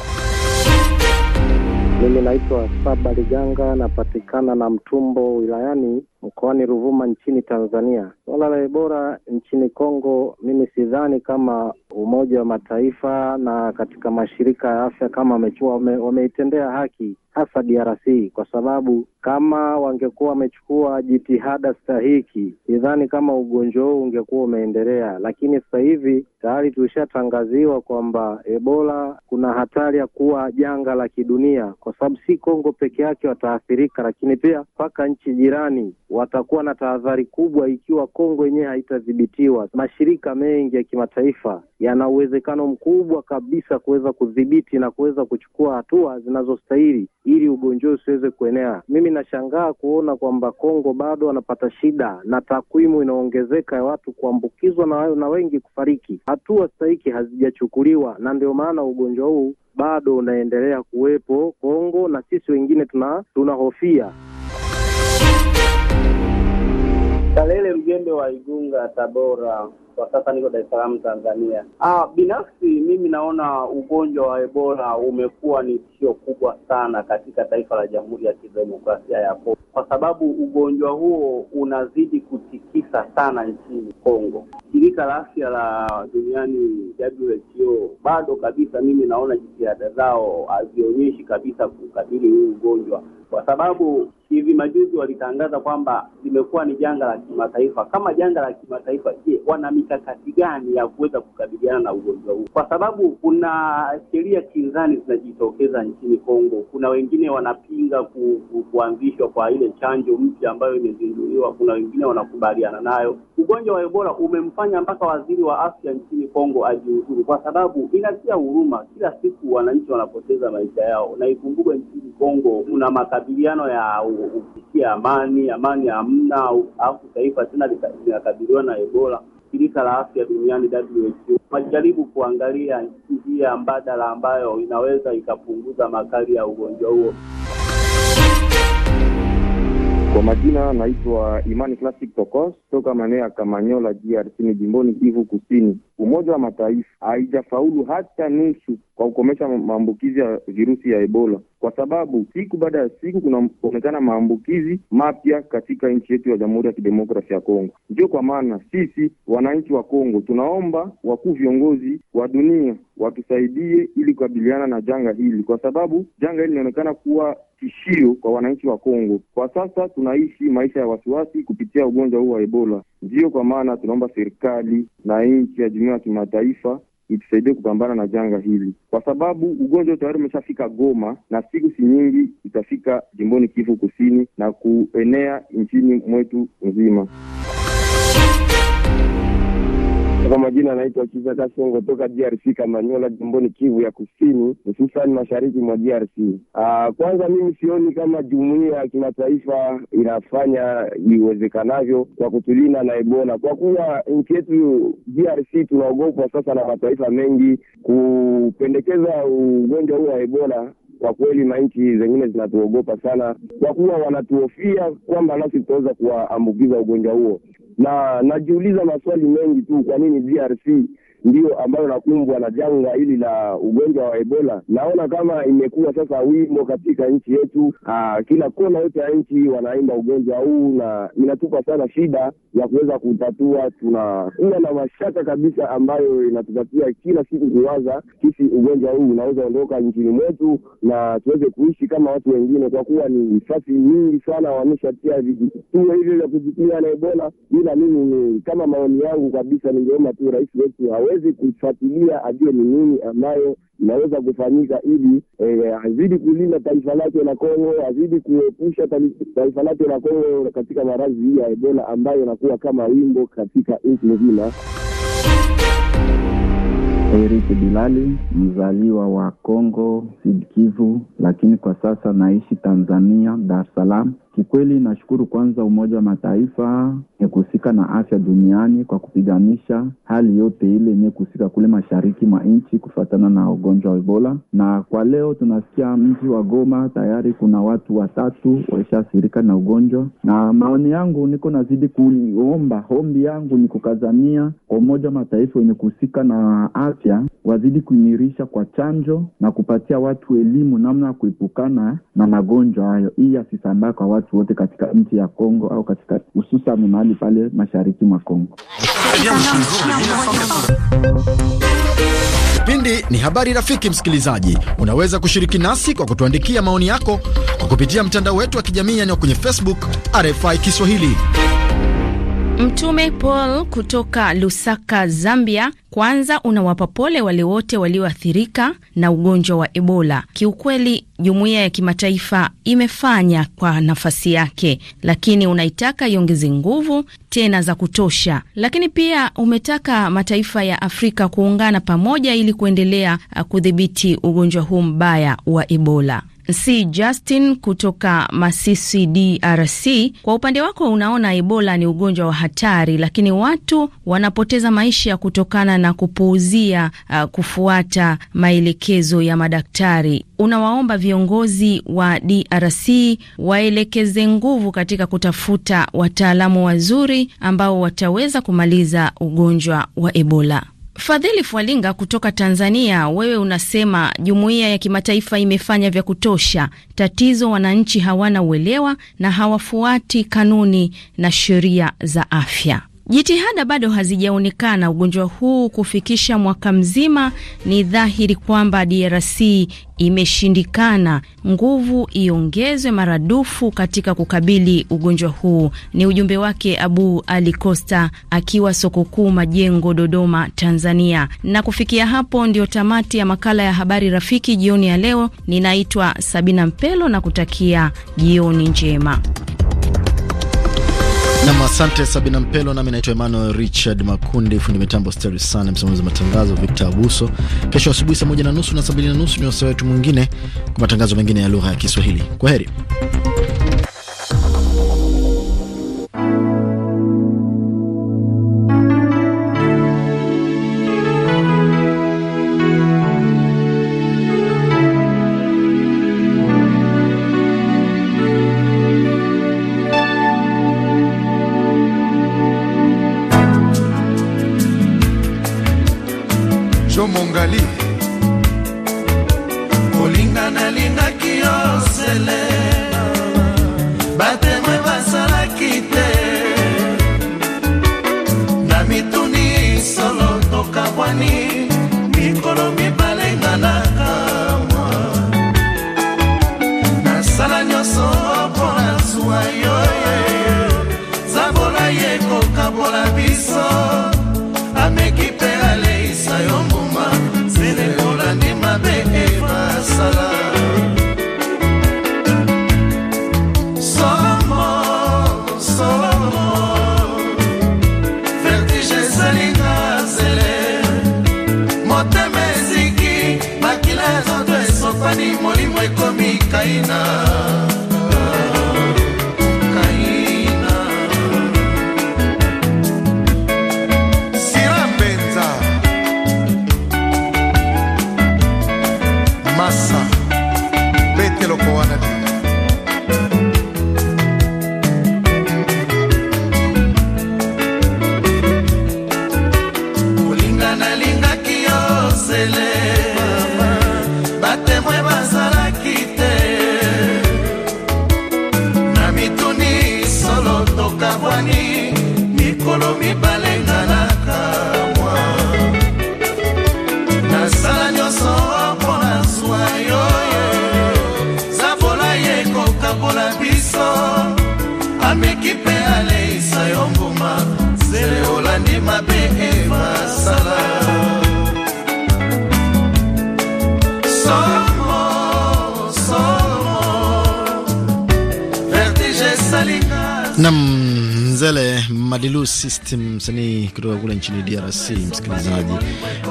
Mimi naitwa Saba napatikana na Mtumbo wilayani mkoani Ruvuma nchini Tanzania. Swala la Ebola nchini Kongo, mimi sidhani kama Umoja wa Mataifa na katika mashirika ya afya kama wame, wameitendea haki hasa DRC kwa sababu kama wangekuwa wamechukua jitihada stahiki, sidhani kama ugonjwa huu ungekuwa umeendelea. Lakini sasa hivi tayari tulishatangaziwa kwamba Ebola kuna hatari ya kuwa janga la kidunia, kwa sababu si Kongo peke yake wataathirika, lakini pia mpaka nchi jirani watakuwa na tahadhari kubwa ikiwa Kongo yenyewe haitadhibitiwa. Mashirika mengi ya kimataifa yana uwezekano mkubwa kabisa kuweza kudhibiti na kuweza kuchukua hatua zinazostahili ili ugonjwa usiweze kuenea. Mimi nashangaa kuona kwamba Kongo bado wanapata shida na takwimu inaongezeka ya watu kuambukizwa na, na wengi kufariki. Hatua stahiki hazijachukuliwa, na ndio maana ugonjwa huu bado unaendelea kuwepo Kongo, na sisi wengine tunahofia tuna Kalele Mjembe wa Igunga, Tabora. Kwa sasa niko Dar es Salaam, Tanzania. Ah, binafsi mimi naona ugonjwa wa Ebola umekuwa ni tishio kubwa sana katika taifa la Jamhuri ya Kidemokrasia ya Kongo, kwa sababu ugonjwa huo unazidi kutikisa sana nchini Kongo. Shirika la Afya la Duniani WHO bado kabisa, mimi naona jitihada zao hazionyeshi kabisa kukabili huu ugonjwa kwa sababu hivi majuzi walitangaza kwamba limekuwa ni janga la kimataifa. Kama janga la kimataifa, je, wana mikakati gani ya kuweza kukabiliana na ugonjwa huu, kwa sababu kuna sheria kinzani zinajitokeza nchini Kongo. Kuna wengine wanapinga ku, ku, kuanzishwa kwa ile chanjo mpya ambayo imezinduliwa, kuna wengine wanakubaliana nayo. Ugonjwa wa Ebola umemfanya mpaka waziri wa afya nchini Kongo ajiuzuru, kwa sababu inatia huruma, kila siku wananchi wanapoteza maisha yao, na ikumbukwe nchini Kongo kuna makabiliano ya kufikia amani, amani hamna, alafu taifa tena linakabiliwa na Ebola shirika la afya duniani WHO walijaribu kuangalia njia mbadala ambayo inaweza ikapunguza makali ya ugonjwa huo. Kwa majina naitwa Imani Classic Tokos toka maeneo ya Kamanyola DRC ni jimboni Kivu Kusini. Umoja wa Mataifa haijafaulu hata nusu kwa kukomesha maambukizi ya virusi ya Ebola kwa sababu siku baada ya siku kunaonekana maambukizi mapya katika nchi yetu ya Jamhuri ya kidemokrasi ya Kongo. Ndio kwa maana sisi wananchi wa Kongo tunaomba wakuu viongozi wa dunia watusaidie ili kukabiliana na janga hili, kwa sababu janga hili linaonekana kuwa tishio kwa wananchi wa Kongo. Kwa sasa tunaishi maisha ya wasiwasi kupitia ugonjwa huu wa Ebola. Ndiyo kwa maana tunaomba serikali na nchi ya jumuiya ya kimataifa itusaidie kupambana na janga hili, kwa sababu ugonjwa tayari umeshafika Goma na siku si nyingi itafika jimboni Kivu Kusini na kuenea nchini mwetu nzima. Kwa majina anaitwa Kiza Kasongo toka DRC Kamanyola, jimboni Kivu ya Kusini, hususani mashariki mwa DRC. Aa, ah, kwanza mimi sioni kama jumuiya ya kimataifa inafanya iwezekanavyo kwa kutulinda na Ebola, kwa kuwa nchi yetu DRC tunaogopwa sasa na mataifa mengi. Kupendekeza ugonjwa huu wa Ebola kwa kweli manchi zengine zinatuogopa sana, kwa kuwa wanatuhofia kwamba nasi tutaweza kuwaambukiza ugonjwa huo na najiuliza maswali mengi tu, kwa nini DRC ndiyo ambayo nakumbwa na janga hili la ugonjwa wa Ebola. Naona kama imekuwa sasa wimbo katika nchi yetu, aa, ah, kila kona yote ya nchi wanaimba ugonjwa huu, na inatupa sana shida ya kuweza kutatua. Tunakuwa na mashaka kabisa ambayo inatupatia kila siku kuwaza kisi ugonjwa huu unaweza ondoka nchini mwetu na tuweze kuishi kama watu wengine, kwa kuwa ni fasi nyingi sana wameshatia vituo hivyo vya kujikinga na Ebola. Ila mimi ni kama maoni yangu kabisa, ningeomba tu rais wetu awe aweze kufuatilia ajue ni nini ambayo inaweza kufanyika ili e, azidi kulinda taifa lake la Kongo, azidi kuepusha taifa lake la Kongo katika maradhi hii ya Ebola ambayo inakuwa kama wimbo katika nchi nzima. Eric Bilali, mzaliwa wa congo Sud Kivu, lakini kwa sasa naishi Tanzania, Dar es Salaam. Kikweli nashukuru kwanza Umoja wa Mataifa yenye kuhusika na afya duniani kwa kupiganisha hali yote ile yenye kuhusika kule mashariki mwa nchi kufuatana na ugonjwa wa Ebola. Na kwa leo tunasikia mji wa Goma tayari kuna watu watatu waishaathirika na ugonjwa, na maoni yangu niko nazidi kuomba, ombi yangu ni kukazania kwa Umoja wa Mataifa wenye kuhusika na afya afya wazidi kuimirisha kwa chanjo na kupatia watu elimu namna ya kuepukana na magonjwa hayo, ili asisambaa kwa watu wote katika nchi ya Kongo au katika hususan mahali pale mashariki mwa Kongo. Kipindi ni habari rafiki. Msikilizaji, unaweza kushiriki nasi kwa kutuandikia maoni yako kwa kupitia mtandao wetu wa kijamii, yaani kwenye Facebook RFI Kiswahili. Mtume Paul kutoka Lusaka, Zambia, kwanza unawapa pole wale wote walioathirika na ugonjwa wa Ebola. Kiukweli jumuiya ya kimataifa imefanya kwa nafasi yake, lakini unaitaka iongeze nguvu tena za kutosha. Lakini pia umetaka mataifa ya Afrika kuungana pamoja ili kuendelea uh, kudhibiti ugonjwa huu mbaya wa Ebola si Justin kutoka Masisi, DRC. Kwa upande wako unaona Ebola ni ugonjwa wa hatari, lakini watu wanapoteza maisha kutokana na kupuuzia uh, kufuata maelekezo ya madaktari. Unawaomba viongozi wa DRC waelekeze nguvu katika kutafuta wataalamu wazuri ambao wataweza kumaliza ugonjwa wa Ebola. Fadhili Fwalinga kutoka Tanzania, wewe unasema jumuiya ya kimataifa imefanya vya kutosha. Tatizo wananchi hawana uelewa na hawafuati kanuni na sheria za afya. Jitihada bado hazijaonekana ugonjwa huu kufikisha mwaka mzima. Ni dhahiri kwamba DRC imeshindikana. Nguvu iongezwe maradufu katika kukabili ugonjwa huu. Ni ujumbe wake Abu Ali Costa akiwa soko kuu Majengo, Dodoma, Tanzania. Na kufikia hapo ndio tamati ya makala ya habari rafiki jioni ya leo. Ninaitwa Sabina Mpelo na kutakia jioni njema. Nam, asante Sabina Mpelo. Nami naitwa Emmanuel Richard Makundi, fundi mitambo steri sana, msimamizi wa matangazo Victor Abuso. Kesho asubuhi saa moja na nusu na saa mbili na nusu ni wasaa wetu mwingine kwa matangazo mengine ya lugha ya Kiswahili. Kwa heri. Best, msanii kutoka kule nchini DRC. Msikilizaji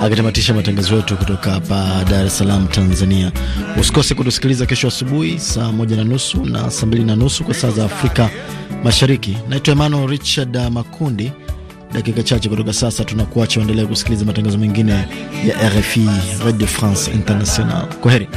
akitamatisha matangazo yetu kutoka hapa Dar es Salaam, Tanzania. Usikose kutusikiliza kesho asubuhi saa moja na nusu na saa mbili na nusu kwa saa za Afrika Mashariki. Naitwa Emmanuel Richard Makundi. Dakika chache kutoka sasa tunakuacha uendelee kusikiliza matangazo mengine ya RFI Radio France International. Kwa heri.